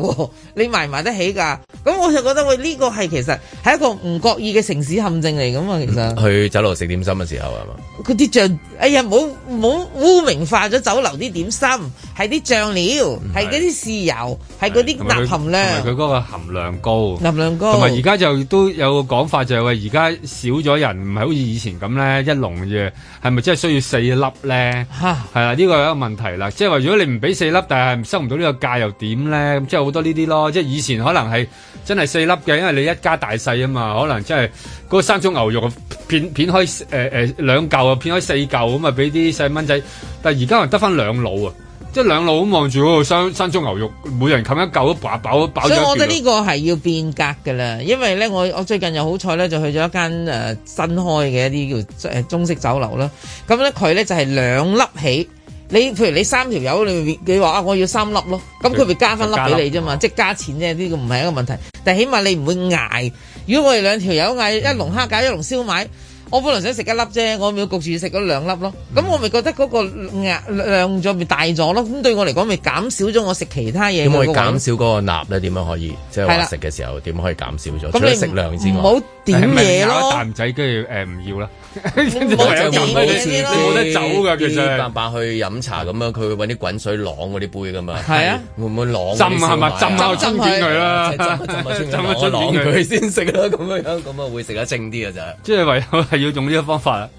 你埋唔埋得起噶？咁我就覺得喂，呢個係其實係一個唔覺意嘅城市陷阱嚟噶嘛。其實去酒樓食點心嘅時候啊，佢啲醬哎呀，冇冇污名化咗酒樓啲點心，係啲醬料，係嗰啲豉油，係嗰啲鈉含量，佢嗰個含量高，鈉含量高，同埋而家就都有個講法就係喂，而家少咗人唔係好似以前咁咧一籠。嘢係咪真係需要四粒咧？係啊，呢個有一個問題啦，即係話如果你唔俾四粒，但係收唔到個價，呢個價又點咧？咁即係好多呢啲咯，即係以前可能係真係四粒嘅，因為你一家大細啊嘛，可能真係嗰生蔥牛肉片片開誒誒兩嚿啊，片開四嚿咁啊，俾啲細蚊仔，但係而家能得翻兩老啊！即係兩老咁望住嗰個山竹牛肉，每人冚一嚿都飽飽飽咗。所以，我覺得呢個係要變革嘅啦。因為咧，我我最近又好彩咧，就去咗一間誒、呃、新開嘅一啲叫誒中式酒樓啦。咁、嗯、咧，佢咧就係、是、兩粒起。你譬如你三條友你你話啊，我要三粒咯，咁佢咪加翻粒俾你啫嘛，粒即係加錢啫，呢、這個唔係一個問題。但係起碼你唔會捱。如果我哋兩條友嗌一籠蝦餃，一籠燒賣。我本來想食一粒啫，我咪焗住食咗兩粒咯。咁、嗯、我咪覺得嗰個量量咗咪大咗咯。咁對我嚟講咪減少咗我食其他嘢，那個。點可以減少嗰個鈉咧？點樣的可以即係話食嘅時候點可以減少咗？那你 除咗食量之外，煮嘢咯，一啖仔跟住誒唔要啦，冇得走噶，其實。白白去飲茶咁樣，佢會揾啲滾水攞嗰啲杯噶嘛。係啊，會唔會攞浸啊？咪浸下，佢啦，浸下浸下轉佢先食啦。咁樣咁啊，會食得正啲啊！就即係唯有係要用呢個方法啦。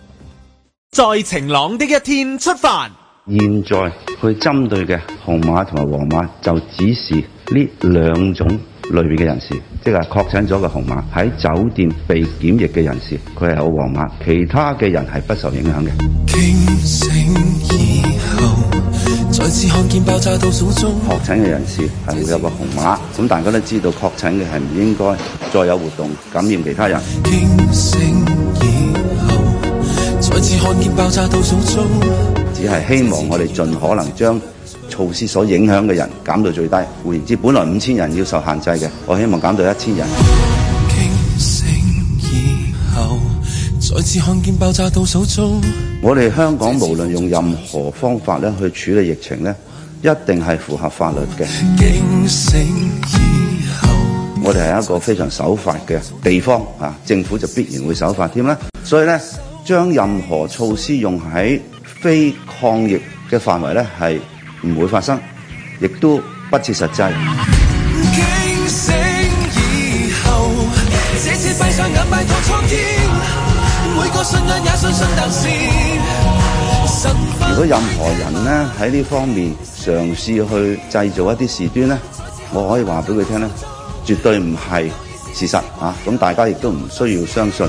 在晴朗的一天出發。現在去針對嘅紅馬同埋黃馬，就只是呢兩種，裏面嘅人士，即係確診咗嘅紅碼喺酒店被檢疫嘅人士，佢係有黃碼，其他嘅人係不受影響嘅。確診嘅人士係會有個紅碼，咁大家都知道確診嘅係唔應該再有活動感染其他人。驚醒以後再次看見爆炸倒數中，只係希望我哋盡可能將。措施所影響嘅人減到最低。換言之，本來五千人要受限制嘅，我希望減到一千人。我哋香港無論用任何方法咧去處理疫情咧，一定係符合法律嘅。我哋係一個非常守法嘅地方啊！政府就必然會守法添啦。所以呢，將任何措施用喺非抗疫嘅範圍咧，係，唔會發生，亦都不切實際。如果任何人呢喺呢方面嘗試去製造一啲事端呢，我可以話俾佢聽呢，絕對唔係事實啊！咁大家亦都唔需要相信。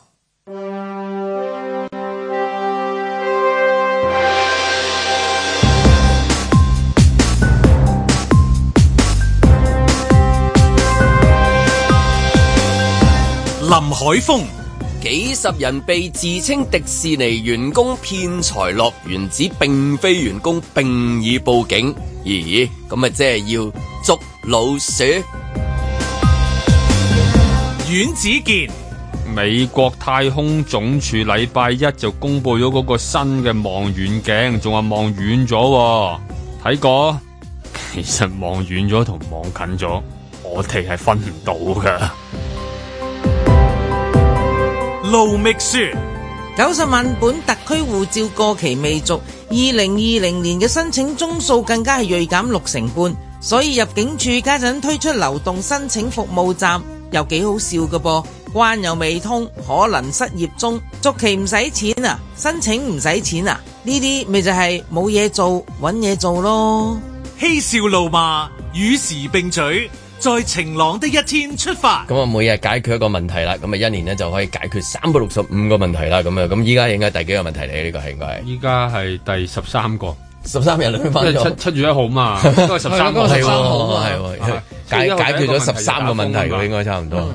林海峰，幾十人被自稱迪士尼員工騙財，樂園子並非員工，並已報警。咦，咁咪即係要捉老鼠？阮子健，美國太空總署禮拜一就公布咗嗰個新嘅望遠鏡，仲話望遠咗喎。睇過？其實望遠咗同望近咗，我哋係分唔到㗎。路覓書：九十萬本特區護照過期未續，二零二零年嘅申請宗數更加係銳減六成半，所以入境處家陣推出流動申請服務站，又幾好笑㗎噃，關又未通，可能失業中，續期唔使錢啊，申請唔使錢啊，呢啲咪就係冇嘢做，揾嘢做咯，嬉笑怒罵與時並舉。在晴朗的一天出發，咁啊每日解決一個問題啦，咁啊一年呢就可以解決三百六十五個問題啦，咁啊咁依家應該係第幾個問題嚟？呢個應該係，依家係第十三個，十三日裏邊七,七月一號嘛， 都係十三號啊，係解解決咗十三個問題㗎，應該差唔多。嗯、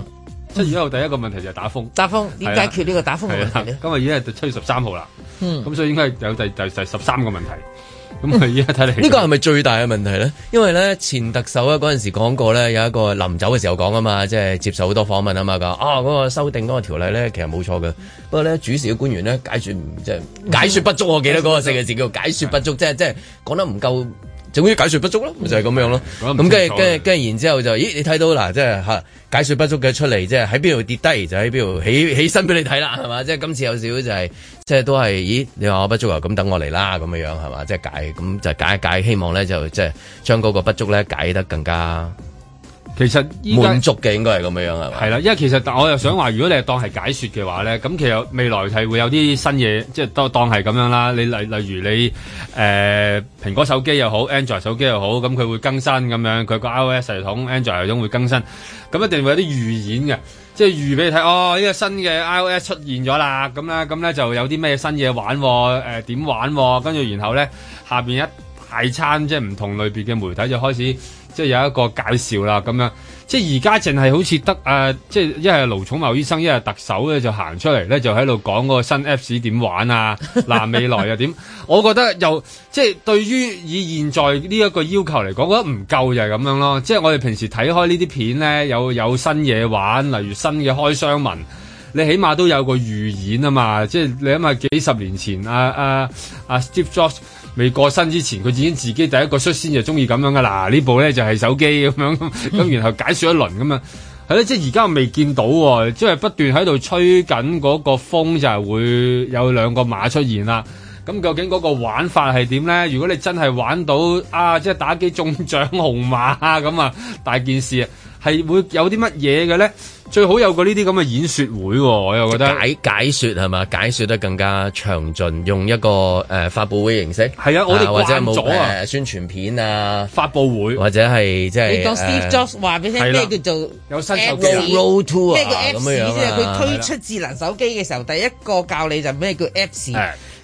七月一號第一個問題就係打風，打風點解決呢個打風問題，啊、今日已經係七月十三號啦，嗯，咁所以應該有第第第十三個問題。咁而家睇嚟呢個係咪最大嘅問題咧？因為咧前特首咧嗰陣時講過咧，有一個臨走嘅時候講啊嘛，即係接受好多訪問啊嘛，講啊嗰個修訂嗰個條例咧，其實冇錯嘅。不過咧，主事嘅官員咧解説唔即係解説不足，我記得嗰個四個字叫解説不足，即係即係講得唔夠。總之解説不足咯，咪就係咁樣咯。咁跟住跟住跟住，然之後就咦？你睇到嗱，即係嚇解説不足嘅出嚟，即係喺邊度跌低就喺邊度起起身俾你睇啦，係嘛？即係今次有少少就係即係都係，咦？你話我不足啊？咁等我嚟啦，咁樣樣係嘛？即係解咁就解一解，希望咧就即係將嗰個不足咧解得更加，其實滿足嘅應該係咁樣係嘛，係啦，因為其實但我又想話，如果你當係解說嘅話咧，咁其實未來係會有啲新嘢，即係當當係咁樣啦。你例例如你誒蘋果手機又好，Android 手機又好，咁佢會更新咁樣，佢個 iOS 系統、Android 系統會更新，咁一定會有啲預演嘅，即係預俾你睇哦，呢個新嘅 iOS 出現咗啦，咁咧咁咧就有啲咩新嘢玩，誒點玩，跟住然後咧下邊一大餐，即係唔同類別嘅媒體就開始。即係有一個介紹啦，咁樣即係而家淨係好似得誒，即係一係盧寵茂醫生，一係特首咧就行出嚟咧，就喺度講嗰個新 Apps 點玩啊！嗱、啊，未來又點？ 我覺得又即係對於以現在呢一個要求嚟講，覺得唔夠就係咁樣咯。即係我哋平時睇開呢啲片咧，有有新嘢玩，例如新嘅開箱文，你起碼都有個預演啊嘛。即係你諗下幾十年前啊啊啊，Steve Jobs。未過身之前，佢已經自己第一個率先就中意咁樣噶啦。呢部咧就係手機咁樣，咁然後解説一輪咁啊。係咯，即係而家我未見到喎，即係不斷喺度吹緊嗰個風，就係會有兩個碼出現啦。咁究竟嗰個玩法係點咧？如果你真係玩到啊，即係打機中獎號碼咁啊，大件事啊，係會有啲乜嘢嘅咧？最好有個呢啲咁嘅演說會喎，我又覺得解解説係嘛，解説得更加詳盡，用一個誒、呃、發佈會形式。係啊，我哋或者冇誒、呃、宣傳片啊，發佈會或者係即係 Steve Jobs 話俾你聽咩叫做 App 有新手機、啊，咩叫 Apps 即樣。係佢推出智能手機嘅時候，第一個教你就咩叫 Apps。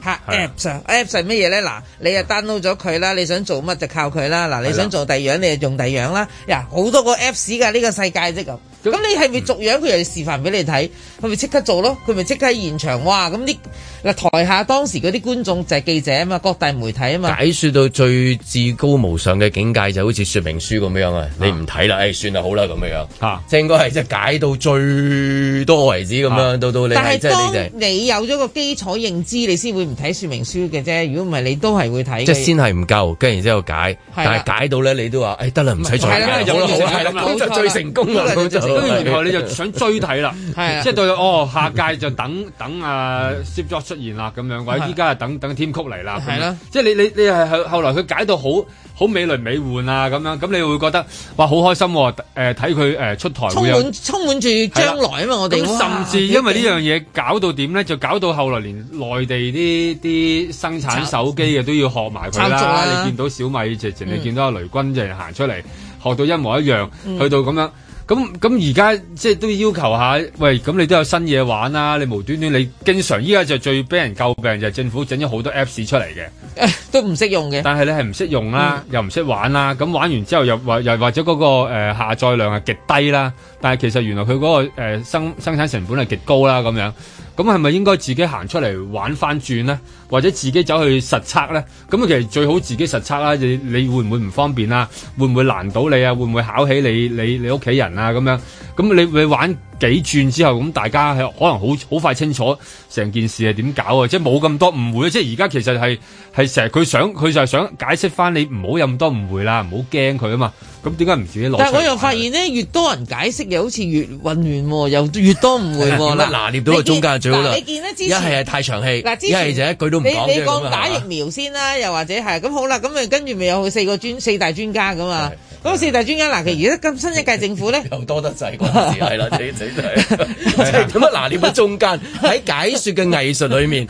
嚇 Apps，Apps 係乜嘢咧？嗱、啊啊啊啊啊啊啊，你又 download 咗佢啦，你想做乜就靠佢啦。嗱、啊，你想做第二樣，你就用第二樣啦。嗱，好多個 Apps 㗎呢個世界即咁你係咪逐樣佢又要示範俾你睇，佢咪即刻做咯？佢咪即刻喺現場哇！咁啲嗱台下當時嗰啲觀眾就係記者啊嘛，各大媒體啊嘛。解説到最至高無上嘅境界就好似説明書咁樣啊，你唔睇啦，誒算啦好啦咁樣。嚇，正個係即係解到最多為止咁樣，到到你你有咗個基礎認知，你先會唔睇説明書嘅啫。如果唔係，你都係會睇。即先係唔夠，跟然之後解，但係解到咧，你都話誒得啦，唔使再。係啦，有啦，好啦，咁就最成功啦。跟住，然後你就想追睇啦，即係對哦，下屆就等等啊，Steve Jobs 出現啦咁樣，或者依家啊等等 Tim Cook 嚟啦，即係你你你係後來佢解到好好美輪美奐啊咁樣，咁你會覺得哇好開心誒睇佢誒出台，充滿，充滿住將來啊嘛！我哋甚至因為呢樣嘢搞到點咧，就搞到後來連內地啲啲生產手機嘅都要學埋佢啦。你見到小米，直情你見到阿雷軍就行出嚟，學到一模一樣去到咁樣。咁咁而家即係都要求下，喂，咁你都有新嘢玩啦、啊，你無端端你經常依家就最俾人詬病就係、是、政府整咗好多 apps 出嚟嘅，都唔識用嘅。但係你係唔識用啦、啊，嗯、又唔識玩啦、啊，咁玩完之後又或又或者嗰、那個誒、呃、下載量係極低啦，但係其實原來佢嗰、那個誒、呃、生生產成本係極高啦，咁樣。咁係咪應該自己行出嚟玩翻轉咧？或者自己走去實測咧？咁啊，其實最好自己實測啦、啊。你你會唔會唔方便啊？會唔會難到你啊？會唔會考起你你你屋企人啊？咁樣，咁你你會玩？幾轉之後咁，大家可能好好快清楚成件事係點搞啊，即係冇咁多誤會啊！即係而家其實係係成日佢想，佢就係想解釋翻你，唔好有咁多誤會啦，唔好驚佢啊嘛。咁點解唔自己落？但係我又發現呢，越多人解釋，又好似越混亂，又越多誤會。係啦，拿捏到個中間最好啦。你見咧之前，一係太長氣，一係就一句都唔講。你你講打疫苗先啦，又或者係咁好啦，咁啊跟住咪有四個專四大專家噶嘛？咁四大專家嗱，其實而家咁新一屆政府咧又多得滯啩，係啦，即點啊？拿捏個中間，喺解說嘅藝術裏面，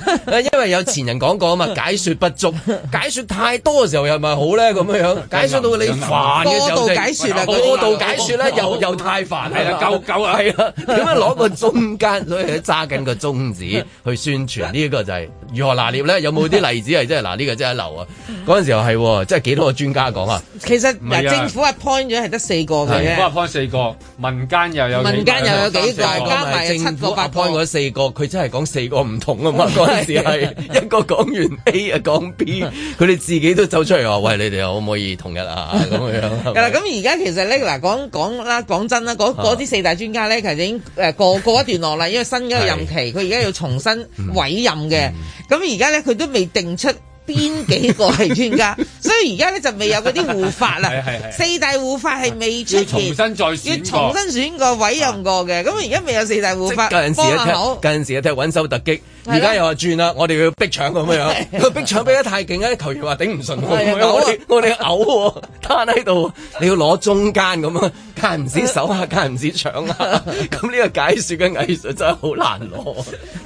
因為有前人講過啊嘛，解說不足，解說太多嘅時候又咪好咧，咁樣樣解說到你煩嘅時候，多度解說啊，多度解說咧又又太煩，係啦，夠夠係啦，點樣攞個中間，所以揸緊個宗旨去宣傳呢一個就係如何拿捏咧？有冇啲例子係真係嗱？呢個真係一流啊！嗰陣時候係，即係幾多個專家講啊？其實，政府係 point 咗係得四個嘅啫，四個，民間又有，民間有。有幾大加埋七個八 point 四個，佢真係講四個唔同啊嘛！嗰陣 時係一個講完 A 啊講 B，佢哋 自己都走出嚟話：喂，你哋可唔可以同日啊？咁 樣。係啦，咁而家其實咧嗱，講講啦，講真啦，嗰啲四大專家咧，其實已經誒過過一段落啦，因為新一個任期，佢而家要重新委任嘅。咁而家咧，佢都未定出。邊 幾個係專家？ 所以而家咧就未有嗰啲護法啦。 四大護法係未出現， 要重新再選，要重新選過 委任過嘅。咁而家未有四大護法幫下手。近時啊，睇穩手突擊。而家又話轉啦，我哋要逼搶咁樣，佢 逼搶逼得太勁咧，球員話頂唔順， 我哋我哋嘔，攤喺度，你要攞中間咁啊，間唔時守下，間唔時搶下，咁呢 個解説嘅藝術真係好難攞，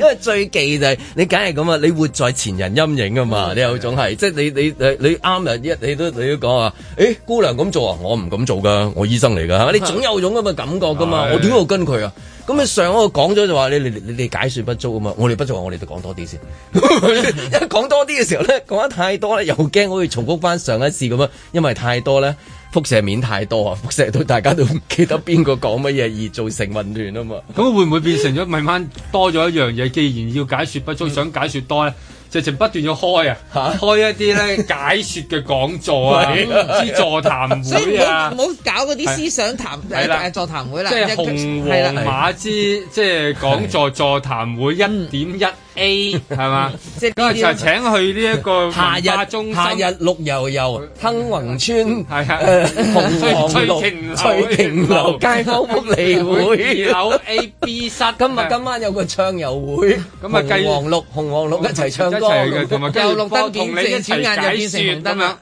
因為最忌就係你梗係咁啊，你活在前人陰影啊嘛，你有種係 即係你你你你啱啊，一你都你都講啊，誒、欸、姑娘咁做啊，我唔咁做噶，我醫生嚟噶，你總有種咁嘅感覺噶嘛，我點解要跟佢啊？ 咁你上嗰個講咗就話你你你你解説不足啊嘛，我哋不足，話我哋就講多啲先，因 一講多啲嘅時候咧，講得太多咧，又驚好似重複翻上一次咁啊，因為太多咧，輻射面太多啊，輻射到大家都唔記得邊個講乜嘢而造成混亂啊嘛，咁 會唔會變成咗慢慢多咗一樣嘢？既然要解説不足，想解説多咧？直情不斷要開啊，開一啲咧解説嘅講座啊，啲 座談會，啊，唔好唔好搞嗰啲思想談，係啦，座談會啦，即係紅黃馬之即係講座座談會一點一。A 係嘛，即係嗰陣時候請去呢一個夏日夏日綠油油，坑雲村係啊，紅黃綠翠亭樓街坊福利會樓 A B 室。今日今晚有個唱遊會，咁啊，紅黃綠紅黃綠一齊唱歌，同埋跟住同你一齊解説咁樣，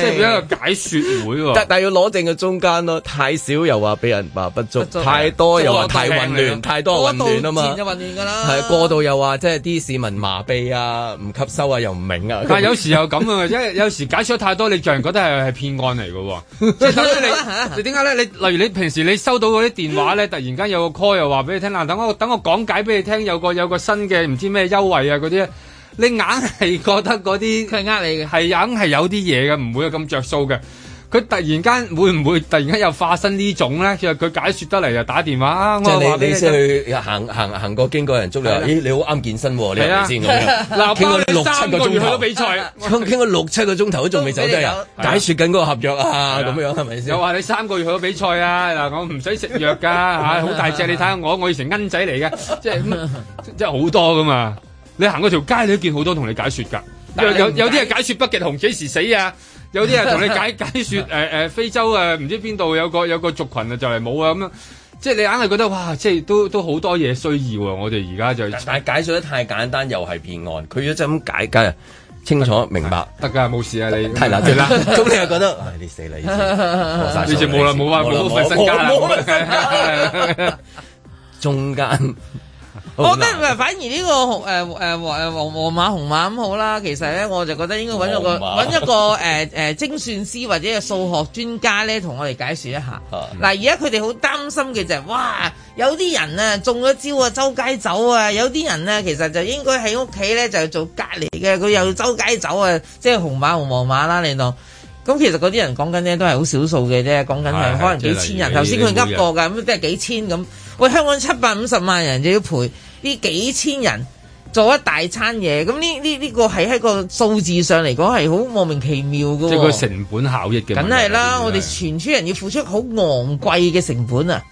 即係一個解説會喎。但係要攞定個中間咯，太少又話俾人話不足，太多又話太混亂，太多混亂啊嘛。過度又混亂㗎啦，係過度又話即係啲。啲市民麻痹啊，唔吸收啊，又唔明啊。但係有時候咁啊， 因為有時解釋太多，你仲人覺得係係騙案嚟嘅喎。即係 你你點解咧？你，呢你例如你平時你收到嗰啲電話咧，突然間有個 call 又話俾你聽啦、啊，等我等我講解俾你聽，有個有個新嘅唔知咩優惠啊，嗰啲你硬係覺得嗰啲係呃你嘅，係硬係有啲嘢嘅，唔會有咁着數嘅。佢突然間會唔會突然間又化身呢種咧？其實佢解説得嚟又打電話。即係你你先去行行行過經過人捉你話咦你好啱健身喎？你係咪先咁樣？嗱，傾咗六七個鐘頭都比賽，傾咗六七個鐘頭都仲未走低人，解説緊嗰個合約啊咁樣係咪先？我話你三個月去咗比賽啊！嗱，我唔使食藥㗎，好大隻你睇下我，我以前恩仔嚟嘅，即係即係好多噶嘛！你行過條街你都見好多同你解説㗎，有有啲係解説北極熊幾時死啊？有啲人同你解解説，誒誒非洲誒唔知邊度有個有個族群啊，就係冇啊咁樣，即係你硬係覺得哇，即係都都好多嘢需要啊！我哋而家就，但係解説得太簡單又係偏案。佢如果就咁解解啊，清楚明白得㗎，冇事啊你。係啦，咁你又覺得？你死啦！呢前冇啦冇啦都係身家啦，中間。我覺得唔係，哦、反而呢、呢個紅誒誒黃誒黃馬紅馬咁好啦。其實咧，我就覺得應該揾一個王馬 一個誒誒、呃呃、精算師或者係數學專家咧，同我哋解説一下。嗱，而家佢哋好擔心嘅就係、是，哇！有啲人啊中咗招啊，周街走啊；有啲人咧、啊，其實就應該喺屋企咧就做隔離嘅，佢又周街走啊，即係紅馬同黃馬啦你度。咁其實嗰啲人講緊咧都係好少數嘅啫，講緊係可能幾千人。頭先佢噏過㗎，咁即係幾千咁。喂，香港七百五十萬人就要陪呢幾千人做一大餐嘢，咁呢呢呢個係喺個數字上嚟講係好莫名其妙㗎喎。即係佢成本效益嘅問題。梗係啦，嗯、我哋全村人要付出好昂貴嘅成本啊！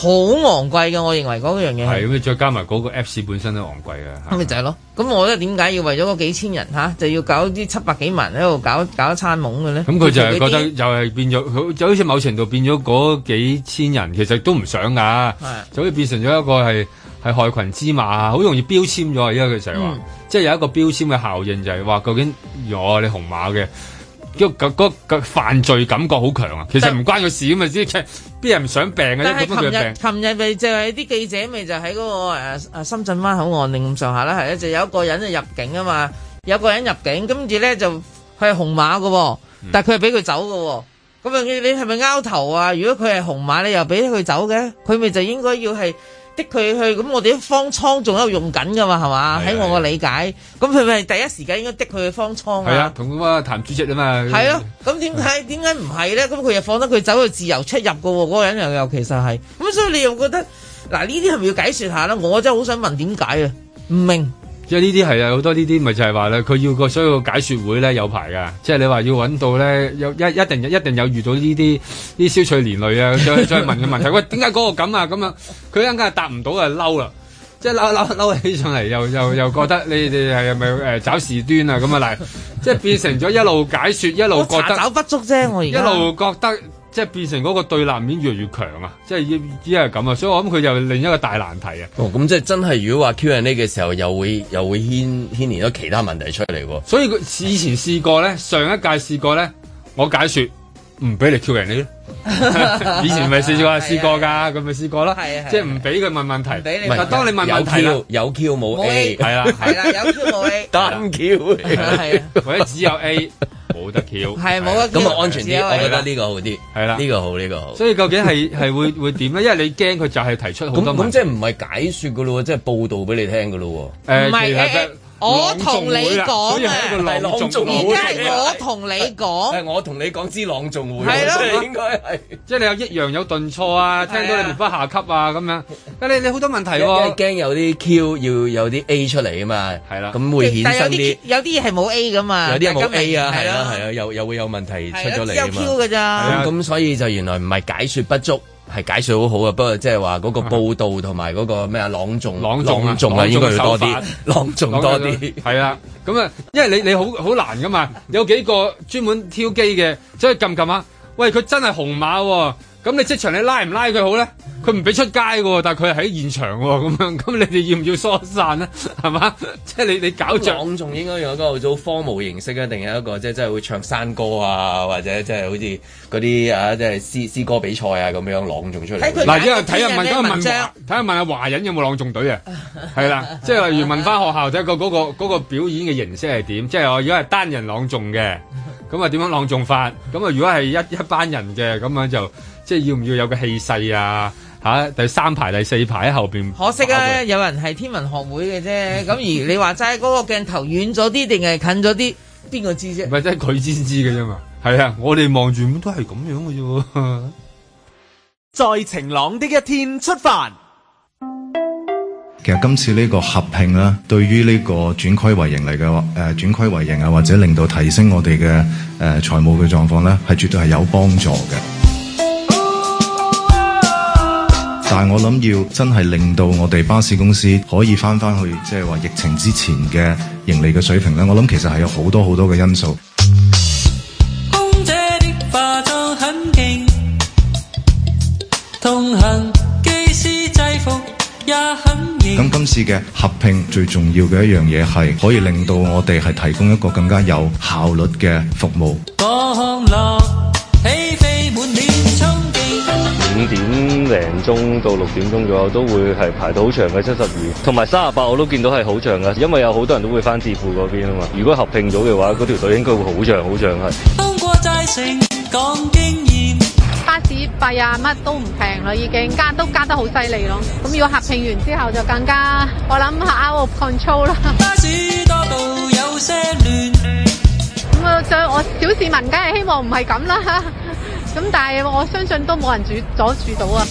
好昂貴嘅，我認為嗰樣嘢係咁，你再加埋嗰個 Apps 本身都昂貴嘅，咁咪就係咯。咁我覺得點解要為咗嗰幾千人嚇、啊，就要搞啲七百幾萬喺度搞搞一餐懵嘅咧？咁佢就係覺得又係變咗，嗯、就好似某程度變咗嗰幾千人其實都唔想㗎，係就好似變成咗一個係係害群之馬啊，好容易標籤咗啊！因為佢成日話，嗯、即係有一個標籤嘅效應就係話，究竟我、呃、你紅馬嘅。叫嗰個犯罪感覺好強啊！其實唔關佢事咁啊，啲邊人唔想病嘅？但係琴日琴日咪就係啲記者咪就喺嗰個誒誒深圳灣口岸定咁上下啦，係啊，就有個人入境啊嘛，有個人入境，跟住咧就佢係紅馬嘅，但係佢係俾佢走嘅，咁樣你你係咪拗頭啊？如果佢係紅馬，你又俾佢走嘅，佢咪就應該要係。啲佢去咁，我哋啲方艙仲喺度用緊噶嘛，係嘛？喺的我個理解，咁佢咪第一時間應該啲佢去方艙啊。係啊，同咁啊譚主席啊嘛。係啊的。咁點解點解唔係咧？咁佢又放得佢走去自由出入嘅喎，嗰、那個人又又其實係咁，所以你又覺得嗱呢啲係咪要解説下咧？我真係好想問點解啊，唔明。即係呢啲係有好多呢啲，咪就係話咧，佢要個所有解説會咧有排嘅。即係你話要揾到咧，有一一定一定有遇到呢啲啲消翠連累啊，再再問嘅 問題。喂，點解嗰個咁啊？咁啊，佢一陣間係答唔到啊，嬲啦！即係嬲嬲嬲起上嚟，又又又覺得 你你係咪誒找事端啊？咁啊嗱，即係變成咗一路解説 一路覺得，找不足啫。我一路覺得。即係變成嗰個對立面越嚟越強啊！即係一係咁啊，所以我諗佢就另一個大難題啊。哦，咁即係真係，如果話 Q and A 嘅時候，又會又會牽牽連咗其他問題出嚟喎。所以佢以前試過咧，上一屆試過咧，我解説唔俾你 Q and A 咧。 以前咪試過，試過噶，佢咪試過啦。係啊，啊即係唔俾佢問問題。俾、啊、你。唔係，當你問，問題有 Q 啦， 有 Q 冇 A，係啦，係 啦、啊，有 Q 冇 A，得唔 Q？係啊，或者只有 A。 冇 得竅，冇得咁啊。 的 安全啲。我覺得呢個好啲，係啦的，呢的個好，呢、呢個好。所以究竟係係 會會點咧？因為你驚佢就係提出好多，咁即係唔係解說嘅咯？即、就、係、是、報道俾你聽嘅咯？誒，唔係。我同你講啊，而家係我同你講，係我同你講支朗誦會，係咯，應該係，即係你有一樣有頓挫啊，聽到你沒法下吸啊，咁樣，但你你好多問題，即係驚有啲 Q 要有啲 A 出嚟，啊嘛，係啦，咁會顯身啲，有啲嘢係冇 A 噶嘛，有啲嘢冇 A 啊，係啦係啊，又又會有問題出咗嚟啊 Q 噶咋，咁所以就原來唔係解說不足。係解説好好啊，不過即係話嗰個報道同埋嗰個咩啊朗誦、朗誦啊應該要多啲朗誦多啲，係啦，咁 啊，因為你你好好難㗎嘛。 有幾個專門挑機嘅，即係撳撳下，喂，佢真係紅馬喎。咁你即場你拉唔拉佢好咧？佢唔俾出街喎，但係佢喺現場喎，咁樣咁你哋要唔要疏散咧？係嘛？即係你你搞著。朗誦應該用一個好科模形式啊，定係一個即係即係會唱山歌啊，或者即係好似嗰啲啊即係詩詩歌比賽啊咁樣朗誦出嚟。嗱，即係睇下問翻睇下問下華，華人有冇朗誦隊啊？係啦， 即係例如問翻學校睇個嗰個嗰個表演嘅形式係點？即係我如果係單人朗誦嘅，咁啊點樣朗誦法？咁啊如果係一一,一班人嘅咁樣就。即係要唔要有個氣勢啊！吓，第三排、第四排喺後邊。可惜咧、啊，他有人係天文學會嘅啫。咁 而你話齋嗰個鏡頭遠咗啲定係近咗啲，邊個知啫？唔係，真係佢先知嘅啫嘛。係啊，我哋望住都係咁樣嘅啫。在 晴朗的一天出發。其實今次呢個合併咧，對於呢個轉虧為盈嚟嘅話誒，轉、呃、虧為盈啊，或者令到提升我哋嘅誒財務嘅狀況咧，係絕對係有幫助嘅。但係我諗要真係令到我哋巴士公司可以翻翻去即係話疫情之前嘅盈利嘅水平咧，我諗其實係有好多好多嘅因素。咁今次嘅合併最重要嘅一樣嘢係可以令到我哋係提供一個更加有效率嘅服務。零鐘到六點鐘左右都會係排到好長嘅七十二，同埋三十八我都見到係好長嘅，因為有好多人都會翻智富嗰邊啊嘛。如果合併咗嘅話，嗰條隊應該會好長好長係。過講經驗巴士費啊，乜都唔平啦，已經加都加得好犀利咯。咁要合併完之後就更加，我諗下 out of control 啦。巴士多到有些亂，咁啊，我小市民梗係希望唔係咁啦。 咁但係我相信都冇人阻住到啊！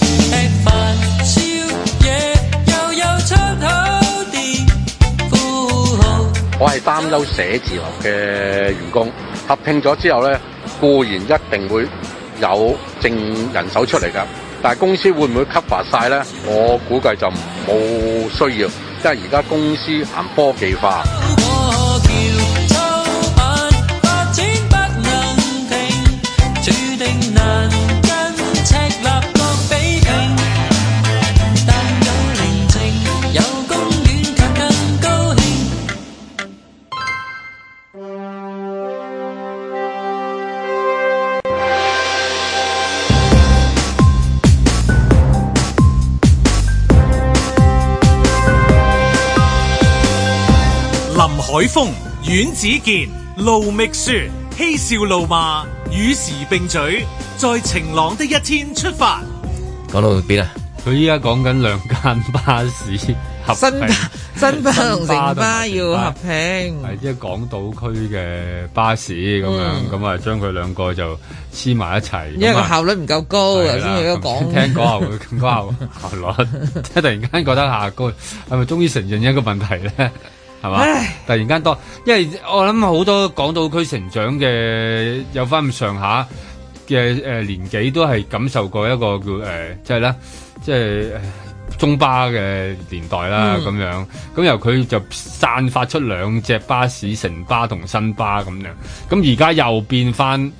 我係擔憂寫字樓嘅員工合併咗之後咧，固然一定會有正人手出嚟㗎，但係公司會唔會吸白晒咧？我估計就冇需要，因為而家公司行科技化。海風遠子健、路覓雪嬉笑怒罵與時並嘴，在晴朗的一天出發。講到邊啊？佢依家講緊兩間巴士合併，新巴同城巴要合拼，係即係港島區嘅巴士咁樣，咁啊將佢兩個就黐埋一齊。因為效率唔夠高，又因為個港，聽講啊會更高效率。即係突然間覺得下高，係咪終於承認一個問題咧？係嘛？唉 突然間多，因為我諗好多港島區成長嘅有翻咁上下嘅誒年紀，都係感受過一個叫誒、呃，即係咧，即係中巴嘅年代啦咁、嗯、樣。咁由佢就散發出兩隻巴士，城巴同新巴咁樣。咁而家又變翻，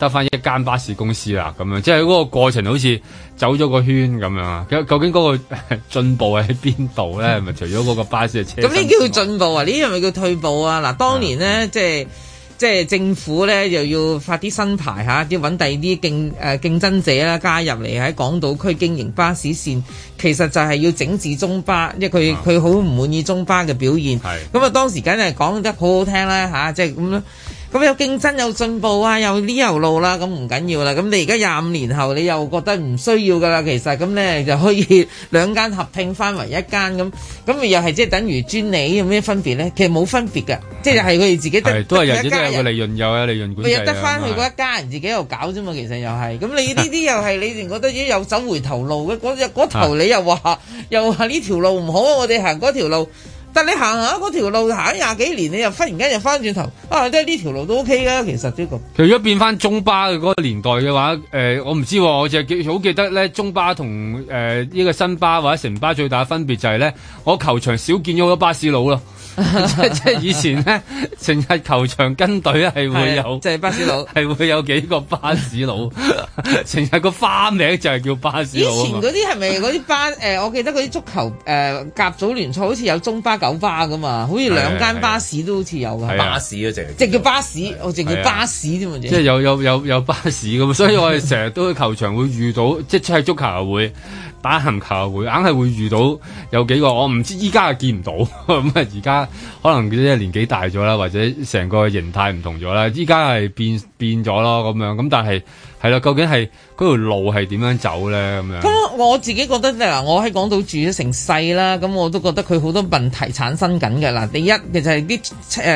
得翻一間巴士公司啦，咁樣即係嗰個過程好似走咗個圈咁樣啊！究竟嗰個進步喺邊度咧？咪 除咗嗰個巴士嘅車咁，呢 叫進步啊？呢樣咪叫退步啊？嗱，當年咧、嗯，即係即係政府咧，又要發啲新牌嚇，要揾第二啲競誒、啊、競爭者啦加入嚟喺港島區經營巴士線，其實就係要整治中巴，因為佢佢好唔滿意中巴嘅表現。係咁是啊，當時梗係講得好好聽啦吓，即係咁咯。咁有競爭有進步啊，有呢條路啦，咁唔緊要啦。咁你而家廿五年後，你又覺得唔需要噶啦，其實咁咧就可以兩間合併翻為一間咁，咁又係即係等於專利有咩分別咧？其實冇分別嘅，是即係佢哋自己得都係有一家人嘅利潤，有利潤管理又得翻去嗰一家人自己度搞啫嘛，其實又係。咁的你呢啲又係你哋覺得有走回頭路嘅嗰嗰頭，你又話又話呢條路唔好，我哋行嗰條路。但你行下嗰條路行廿幾年，你又忽然間又翻轉頭啊！即係呢條路都 OK 啦，其實呢個。除咗變翻中巴嘅嗰個年代嘅話，誒我唔知，我就記好記得咧。中巴同誒呢個新巴或者城巴最大嘅分別就係、是、咧，我球場少見咗好多巴士佬咯。 即即係以前咧，成日球場跟隊係會有，即係、就是、巴士佬係 會有幾個巴士佬，成 日個花名就係叫巴士佬。以前嗰啲係咪嗰啲巴誒？我記得嗰啲足球誒、呃、甲組聯賽好似有中巴。九巴㗎嘛，好似兩間巴士都好似有的巴士咯，淨淨的叫巴士，的我淨叫巴士啫嘛，即係有有有有巴士咁， 所以我哋成日都喺球場會遇到，即係出去足球又會打籃球又會，硬係會，會遇到有幾個我唔知依家見唔到，咁啊而家可能佢即係年紀大咗啦，或者成個形態唔同咗啦，依家係變變咗咯咁樣，咁但係。係啦，究竟係嗰條路係點樣走咧？咁樣，咁我自己覺得咧，嗱，我喺港島住咗成世啦，咁我都覺得佢好多問題產生緊嘅。嗱，第一其實係啲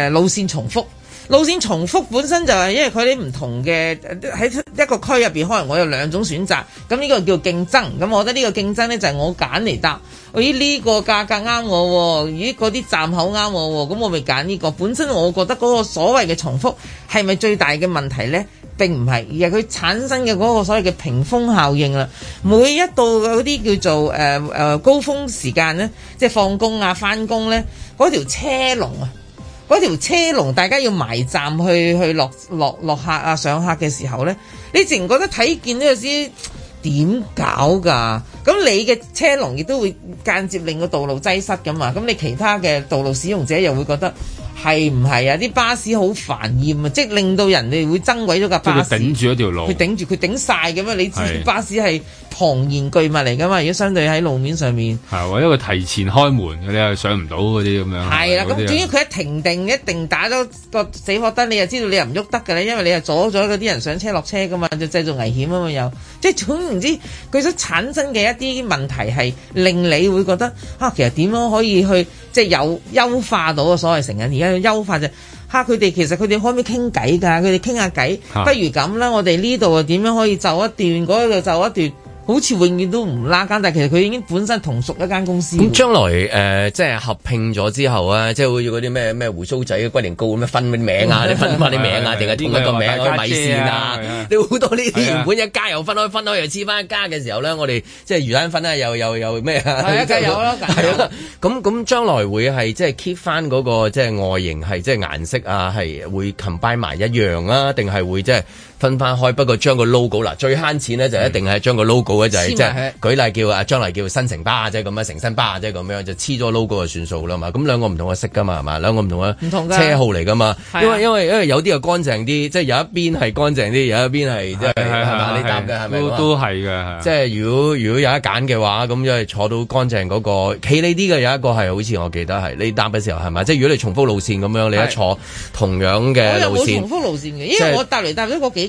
誒路線重複，路線重複本身就係因為佢啲唔同嘅喺一個區入邊，可能我有兩種選擇。咁呢個叫競爭。咁我覺得呢個競爭咧就係我揀嚟，得。咦、啊，呢、這個價格啱我，咦、啊，嗰啲站口啱我，咁我咪揀呢個。本身我覺得嗰個所謂嘅重複係咪最大嘅問題咧？並唔係，而係佢產生嘅嗰個所謂嘅屏風效應啦。每一到嗰啲叫做誒誒、呃呃、高峰時間呢，即係放工啊、翻工呢，嗰條車龍啊，嗰條車龍，大家要埋站去去落落落客啊、上客嘅時候呢，你淨覺得睇見呢個。點搞噶？咁你嘅車龍亦都會間接令個道路擠塞噶嘛？咁你其他嘅道路使用者又會覺得係唔係啊？啲巴士好煩厭啊！即係令到人哋會憎鬼咗架巴士，頂住一條路，佢頂住佢頂晒嘅咩？你知巴士係。龐然巨物嚟噶嘛？如果相對喺路面上面，係喎、啊，因為提前開門嗰啲係上唔到嗰啲咁樣。係啦，咁總之佢一停定一定打咗個死火燈，你就知道你又唔喐得嘅咧，因為你又阻咗嗰啲人上車落車噶嘛，就製造危險啊嘛又。即係總言之，佢所產生嘅一啲問題係令你會覺得嚇、啊，其實點樣可以去即係有優化到個所謂成人，而家要優化就嚇佢哋其實佢哋可唔可以傾偈㗎？佢哋傾下偈，啊、不如咁啦，我哋呢度啊點樣可以就一段嗰度、那個、就一段。好似永遠都唔拉更，但係其實佢已經本身同屬一間公司。咁將來誒，即係合併咗之後啊，即係會要嗰啲咩咩鬍鬚仔、龜苓膏咁樣分啲名啊，你分翻啲名啊，定係同一個名去米線啊？你好多呢啲原本一家又分開，分開又黐翻一家嘅時候咧，我哋即係魚蛋粉啊，又又又咩啊？係一家有咯，係啊。咁咁將來會係即係 keep 翻嗰個即係外形係即係顏色啊，係會 combine 埋一樣啊，定係會即係？分翻開，不過將個 logo 嗱，最慳錢咧就一定係將個 logo 咧就係即係舉例叫啊，將來叫新城巴即係咁樣，成新巴即係咁樣就黐咗 logo 就算數啦嘛。咁兩個唔同嘅色噶嘛，係嘛？兩個唔同嘅車號嚟噶嘛。因為因為因為有啲啊乾淨啲，即係有一邊係乾淨啲，有一邊係即係係你搭嘅係咪？都都係嘅。即係如果如果有得揀嘅話，咁因為坐到乾淨嗰個企呢啲嘅有一個係好似我記得係你搭嘅時候係咪？即係如果你重複路線咁樣，你一坐同樣嘅路線，重複路線嘅，因為我搭嚟搭去都個幾。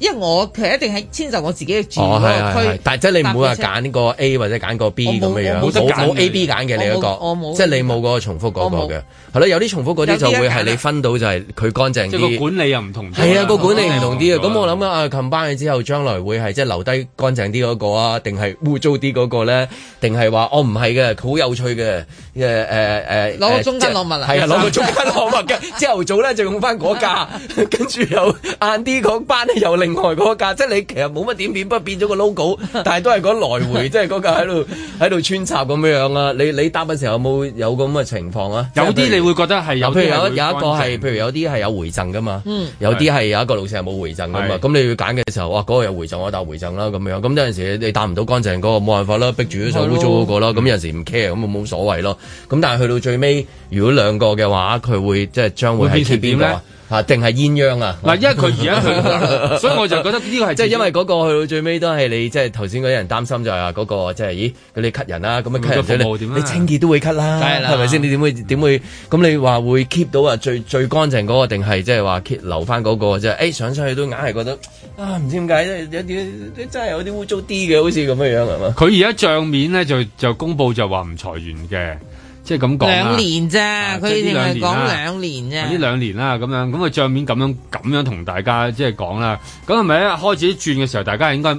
因為我其實一定係遷就我自己嘅住區，但係即係你唔會話揀個 A 或者揀個 B 咁嘅樣，冇 A B 揀嘅你覺，即係你冇嗰個重複嗰個嘅，係咯，有啲重複嗰啲就會係你分到就係佢乾淨啲，即係個管理又唔同。係啊，個管理唔同啲啊。咁我諗啊 combine 之後將來會係即係留低乾淨啲嗰個啊，定係污糟啲嗰個咧？定係話我唔係嘅，好有趣嘅嘅誒攞個中間攞物啊，係啊，攞個中間攞物嘅。朝頭早咧就用翻嗰架，跟住有晏啲嗰班咧又另。外國架，即係你其實冇乜點變，不變咗個 logo，但係都係嗰來回，即係嗰架喺度喺度穿插咁樣樣啊！你你搭嘅時候有冇有咁嘅情況啊？有啲你會覺得係是有，譬如有一個係，譬如有啲係有回贈噶嘛，有啲係有一個路線係冇回贈噶嘛。咁、嗯、是你要揀嘅時候，哇，嗰、那個有回贈，我搭回贈啦咁樣。咁是有陣時你搭唔到乾淨嗰個，冇辦法啦，逼住咗上污糟嗰個啦。咁的、嗯、有陣時唔 care，咁冇冇所謂咯。咁但係去到最尾，如果兩個嘅話，佢會即係將會變成點定係鴛鴦啊！嗱、啊，因為佢而家， 所以我就覺得呢個係即係因為嗰個去到最尾都係你即係頭先嗰啲人擔心就係話嗰個即係、就是、咦佢哋 cut 人啦、啊，咁樣 cut 對你清潔都會 cut 啦，係咪先？你點會點會咁你話會 keep 到啊最最乾淨嗰個定係即係話 keep 留翻、那、嗰個即係？誒、欸、上上去都硬係覺得啊唔知點解咧有啲真係有啲污糟啲嘅好似咁樣係嘛？佢而家帳面咧就就公佈就話唔裁員嘅。即係咁講啦，兩年啫，佢哋係講兩年啫。呢兩年啦，咁樣咁啊，帳面咁樣咁樣同大家即係講啦。咁係咪啊？一開始轉嘅時候，大家係應該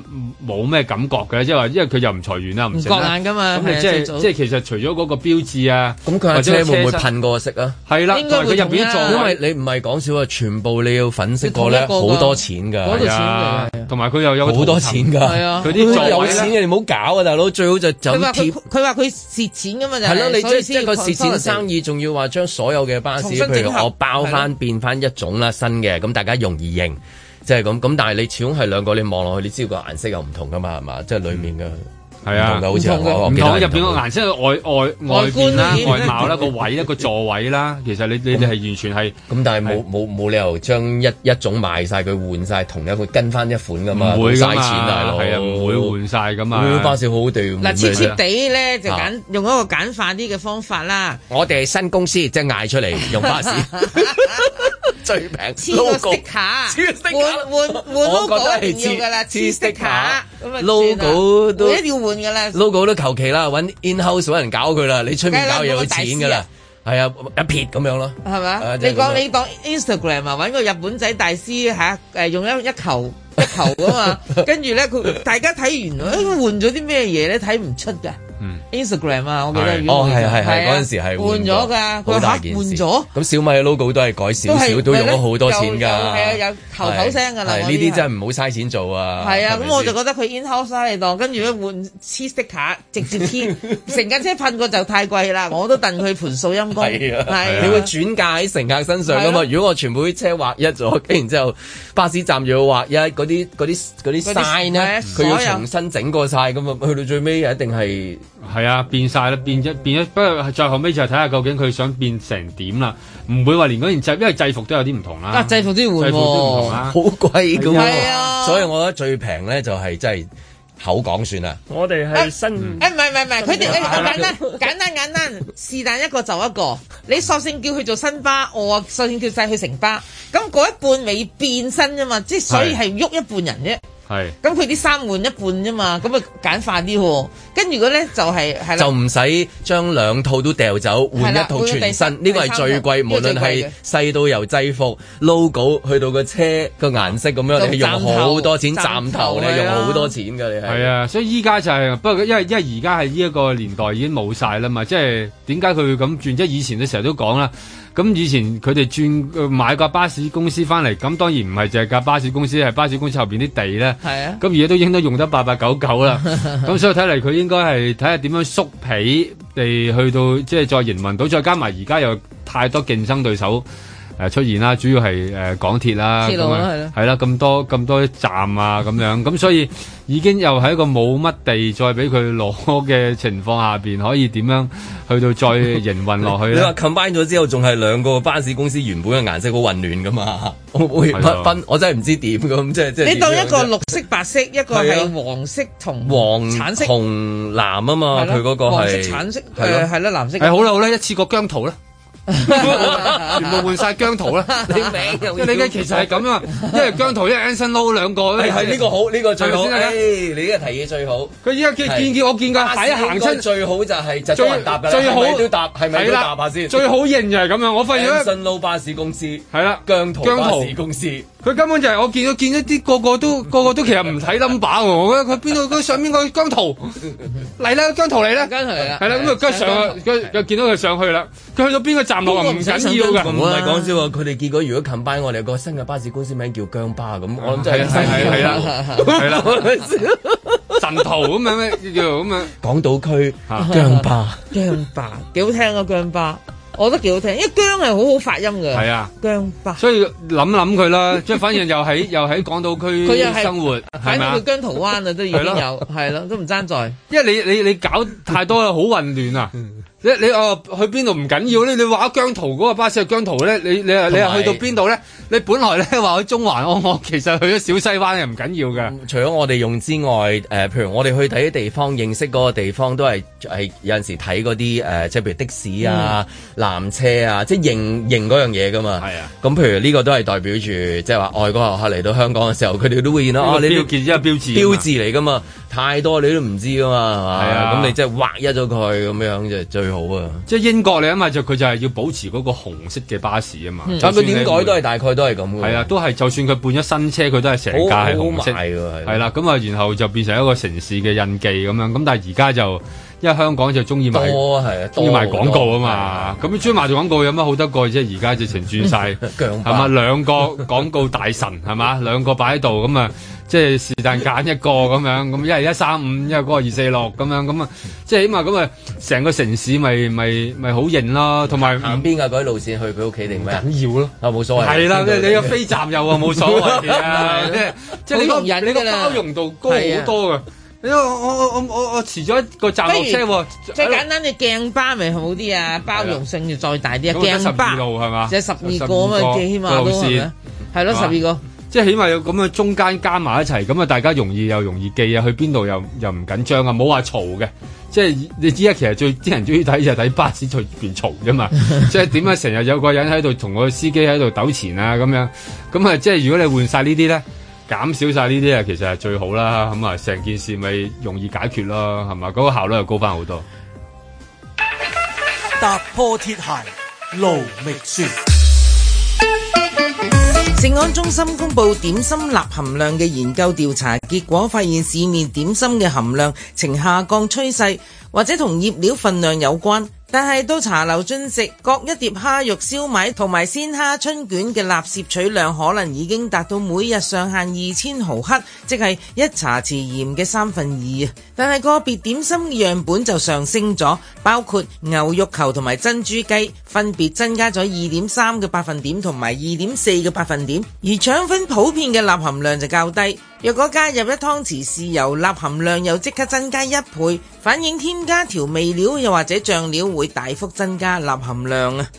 冇咩感覺嘅，即係話，因為佢又唔裁員啦，唔識啦。唔覺㗎嘛，咁啊，即係即係其實除咗嗰個標誌啊，或者會唔會噴過色啊？係啦，應該會啦。因為你唔係講笑啊，全部你要粉飾過咧，好多錢㗎，係啊。同埋佢又有好多錢㗎，佢啲佢有錢你唔好搞啊，大佬。最好就走貼。佢話佢蝕錢㗎嘛，就係咯，你個蝕錢生意仲要話將所有嘅巴士，譬如我包翻變翻一種啦，新嘅咁，大家容易認，即係咁。咁但係你始終係兩個，你望落去，你知道個顏色又唔同噶嘛？係嘛？即係裏面嘅。嗯係啊，同好似唔同入邊個顏色，外外外觀啦，外貌啦，個位一個座位啦，其實你你你係完全係咁，但係冇冇冇理由將一一種賣晒佢換晒同一個跟翻一款噶嘛，唔會嘅嘛。係啊，唔會換晒噶嘛，會巴士好好地。嗱 cheap cheap 地咧，就簡用一個簡化啲嘅方法啦。我哋係新公司，即係嗌出嚟用巴士。最平，黐個色卡，換換換 logo 一定要噶啦，黐色卡，logo 都一定要換噶啦，logo 都求其啦，揾 in house 揾人搞佢啦，你出面搞嘢有錢噶啦，係啊，一撇咁樣咯，係咪？你講你講 Instagram 啊，揾個日本仔大師吓，誒用一一球一球噶嘛，跟住咧佢大家睇完，誒，換咗啲咩嘢咧，睇唔出噶。Instagram 啊，我記得哦，係係係嗰陣時係換咗噶，個卡換咗。咁小米嘅 logo 都係改少少，都用咗好多錢㗎。係啊，有頭頭聲㗎啦。呢啲真係唔好嘥錢做啊。係啊，咁我就覺得佢 in house 跟住咧換 c h 卡，直接貼。成架車噴過就太貴啦。我都戥佢盤數陰功。係啊，係。你會轉嫁喺乘客身上㗎嘛？如果我全部啲車畫一咗，跟住之後巴士站又要畫一，嗰啲嗰啲嗰啲 sign 佢要重新整過晒，咁啊，去到最尾一定係。係啊，變晒啦，變咗，變咗。不過最後尾就係睇下究竟佢想變成點啦，唔會話連嗰件制因為製服都有啲唔同啦，啊。制服都會，啊，唔同啊，哦，好貴㗎喎。係啊，呀啊所以我覺得最平咧就係真係口講算啦。我哋係新，誒唔係唔係唔係，佢哋誒簡單簡單簡單是但 一個就一個，你索性叫佢做新巴，我索性叫晒佢城巴，咁嗰一半未變身啫嘛，即係所以係喐一半人啫。是 係咁，佢啲衫換一半啫嘛，咁啊簡化啲喎。跟住如果咧就係、係、係就唔使將兩套都掉走，換一套全新。呢個係最貴，無論係細到由制服 logo 去到個車個顏色咁樣，啊、你用好多錢，啊、斬頭你用好多錢㗎。係啊的，所以依家就係不過，因為因為而家係呢一個年代已經冇晒啦嘛。即係點解佢會咁轉？即係以前咧成日都講啦。咁以前佢哋轉買架巴士公司翻嚟，咁當然唔係淨係架巴士公司，係巴士公司後邊啲地咧。係是啊，咁而家都應該用得八八九九啦。咁 所以睇嚟佢應該係睇下點樣縮皮地去到，即係再營運到，再加埋而家又有太多競爭對手。誒出現啦，主要係誒港鐵啦，係啦，咁多咁多站啊，咁樣，咁所以已經又喺一個冇乜地再俾佢攞嘅情況下邊，可以點樣去到再營運落去咧？你話 combine 咗之後，仲係兩個巴士公司原本嘅顏色好混亂㗎嘛？會唔分？我真係唔知點咁，即係即係。你當一個綠色、白色，一個係黃色同黃橙色、紅藍啊嘛？佢嗰個係橙色，係咯，係咯，藍色。誒好啦，好啦，一次過疆圖啦。全部換晒姜濤啦！你明？即你嘅其實係咁啊，因係姜濤，一係 Anson Lo 兩個，係呢個好，呢個最好。你呢個提議最好。佢依家見見我見佢喺行出最好就係就做雲搭嘅啦。係咪都答？係咪都答下先？最好型就係咁樣。我發現 Anson Lo 巴士公司係啦，姜濤巴士公司。佢根本就係我見到見一啲個個都個個都其實唔睇 number 喎，我覺得佢邊度佢上邊個姜濤嚟啦，姜濤嚟啦！係啦，咁啊跟上去，佢又見到佢上去啦。佢去到邊個站落唔緊要㗎，唔係講笑喎。佢哋結果如果近排我哋個新嘅巴士公司名叫姜巴咁，我諗真係新嘅。係啦，係啦，神圖咁樣咩？叫咁樣？港島區嚇，姜巴，姜巴幾好聽啊，姜巴。我覺得幾好聽，因為姜係好好發音㗎。係啊，姜白八，所以諗諗佢啦，即係 反正又喺又喺港島區生活，係嘛？反正叫姜濤灣啊，都已經有，係咯，都唔爭在，因為你你你搞太多啦，好混亂啊！ 你你哦、呃、去邊度唔緊要咧？你話姜濤嗰個巴士姜濤咧，你你有你啊去到邊度咧？你本來咧話去中環我，我其實去咗小西灣又唔緊要嘅。除咗我哋用之外，誒、呃、譬如我哋去睇地方、認識嗰個地方，都係係有陣時睇嗰啲誒，即、呃、係譬如的士啊、纜、啊、車啊，即係認認嗰樣嘢噶嘛。係啊，咁譬如呢個都係代表住，即係話外國遊客嚟到香港嘅時候，佢哋都會見到啊，你要見一即係標誌標誌嚟噶嘛，太多你都唔知噶嘛。係啊，咁、啊、你即係劃一咗佢咁樣就最。好啊！即係英國你啊嘛，就佢就係要保持嗰個紅色嘅巴士啊嘛。咁佢點改都係大概都係咁。係啊，都係就算佢半咗新車，佢都係成架係紅色。係啦，咁啊，然後就變成一個城市嘅印記咁樣。咁但係而家就，因為香港就中意賣多係啊，賣廣告啊嘛。咁中意賣做廣告有乜好得過啫？而家直情轉晒係嘛，兩個廣告大神係嘛，兩個擺喺度咁啊。即係是但揀一個咁樣，咁一係一三五，一係嗰個二四六咁樣，咁啊，即係起碼咁啊，成個城市咪咪咪好型咯。同埋行邊個嗰啲路線去佢屋企定咩啊？緊要咯，冇所謂。係啦，你你個飛站又啊，冇所謂，即係即係你個人呢個包容度高好多噶。我我我我我遲咗一個站落車喎。即係簡單嘅鏡巴咪好啲啊，包容性就再大啲啊。鏡十二路係咪？即係十二個啊嘛，起碼都係咯十二個。即係起碼有咁樣，中間加埋一齊，咁啊大家容易又容易記啊，去邊度又又唔緊張啊，冇話嘈嘅。即係你知啊，其實最啲人中意睇就睇巴士隨便嘈啫嘛。 即係點解成日有個人喺度同個司機喺度糾纏啊咁樣，咁啊即係如果你換晒呢啲咧，減少晒呢啲啊，其實係最好啦。咁啊，成件事咪容易解決咯，係嘛？嗰個效率又高翻好多。踏破鐵鞋無覓處。食安中心公布點心鈉含量嘅研究調查結果，發現市面點心嘅含量呈下降趨勢，或者同醃料分量有關。但係到茶樓進食，各一碟蝦肉燒賣同埋鮮蝦春卷嘅鈉攝取量可能已經達到每日上限二千毫克，即係一茶匙鹽嘅三分二。但係個別點心嘅樣本就上升咗，包括牛肉球同埋珍珠雞，分別增加咗二點三個百分點同埋二點四個百分點。而腸粉普遍嘅鈉含量就較低。若果加入一湯匙豉油，鈉含量又即刻增加一倍。反映添加調味料又或者醬料會大幅增加鈉含量啊！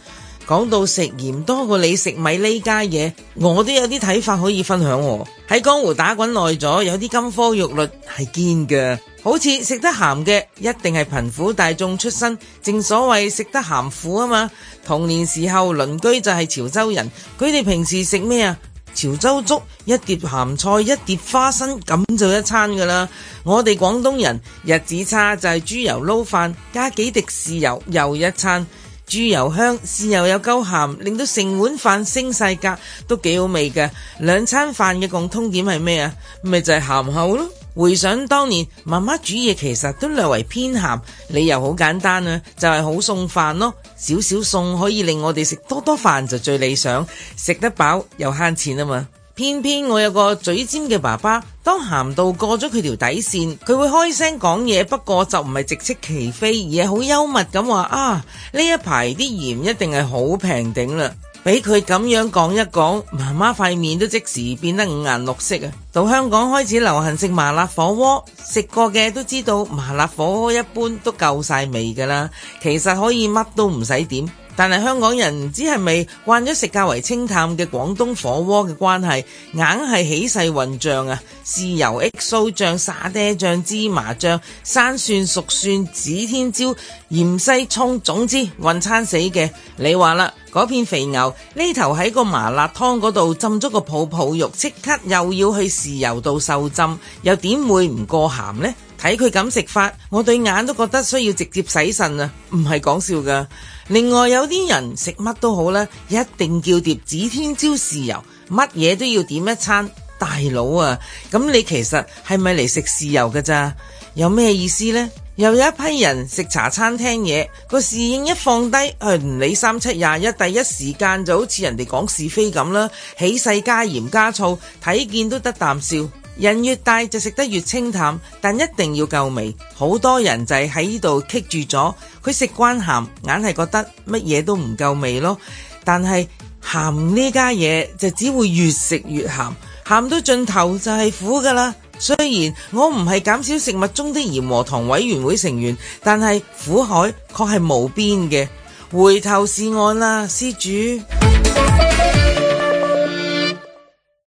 講到食鹽多過你食米呢家嘢，我都有啲睇法可以分享喎。喺江湖打滾耐咗，有啲金科玉律係堅嘅。好似食得鹹嘅，一定係貧苦大眾出身。正所謂食得鹹苦啊嘛！童年時候鄰居就係潮州人，佢哋平時食咩啊？潮州粥，一碟鹹菜，一碟花生，咁就一餐噶啦，我哋廣東人，日子差就係豬油撈飯，加幾滴豉油，又一餐。豬油香，豉油有夠鹹，令到成碗飯升曬格，都幾好味嘅。兩餐飯嘅共通點係咩啊？咪就係、是、鹹口咯。回想當年媽媽煮嘢，其實都略為偏鹹，理由好簡單啊，就係、是、好送飯咯。少少餸可以令我哋食多多飯就最理想，食得飽又慳錢啊嘛。偏偏我有個嘴尖嘅爸爸，當鹹到過咗佢條底線，佢會開聲講嘢。不過就唔係直斥其非，而係好幽默咁話：啊，呢一排啲鹽一定係好平頂啦！俾佢咁樣講一講，媽媽塊面都即時變得五顏六色啊！到香港開始流行食麻辣火鍋，食過嘅都知道，麻辣火鍋一般都夠曬味㗎啦。其實可以乜都唔使點。但係香港人唔知係咪慣咗食較為清淡嘅廣東火鍋嘅關係，硬係起勢混醬啊！豉油、XO 醬、沙爹醬、芝麻醬、生蒜、熟蒜、指天椒、芫茜、蔥，總之混餐死嘅。你話啦，嗰片肥牛呢頭喺個麻辣湯嗰度浸咗個泡泡肉，即刻又要去豉油度受浸，又點會唔過咸呢？睇佢咁食法，我對眼都覺得需要直接洗腎啊！唔係講笑噶。另外有啲人食乜都好啦，一定叫碟指天椒豉油，乜嘢都要點一餐，大佬啊！咁你其實係咪嚟食豉油噶咋？有咩意思呢？又有一批人食茶餐廳嘢，個侍應一放低，佢唔理三七廿一，第一時間就好似人哋講是非咁啦，起勢加鹽加醋，睇見都得啖笑。人越大就食得越清淡，但一定要夠味。好多人就係喺呢度棘住咗，佢食慣鹹，硬係覺得乜嘢都唔夠味咯。但係鹹呢家嘢就只會越食越鹹，鹹到盡頭就係苦噶啦。雖然我唔係減少食物中的鹽和糖委員會成員，但係苦海確係無邊嘅。回頭是岸啦，施主。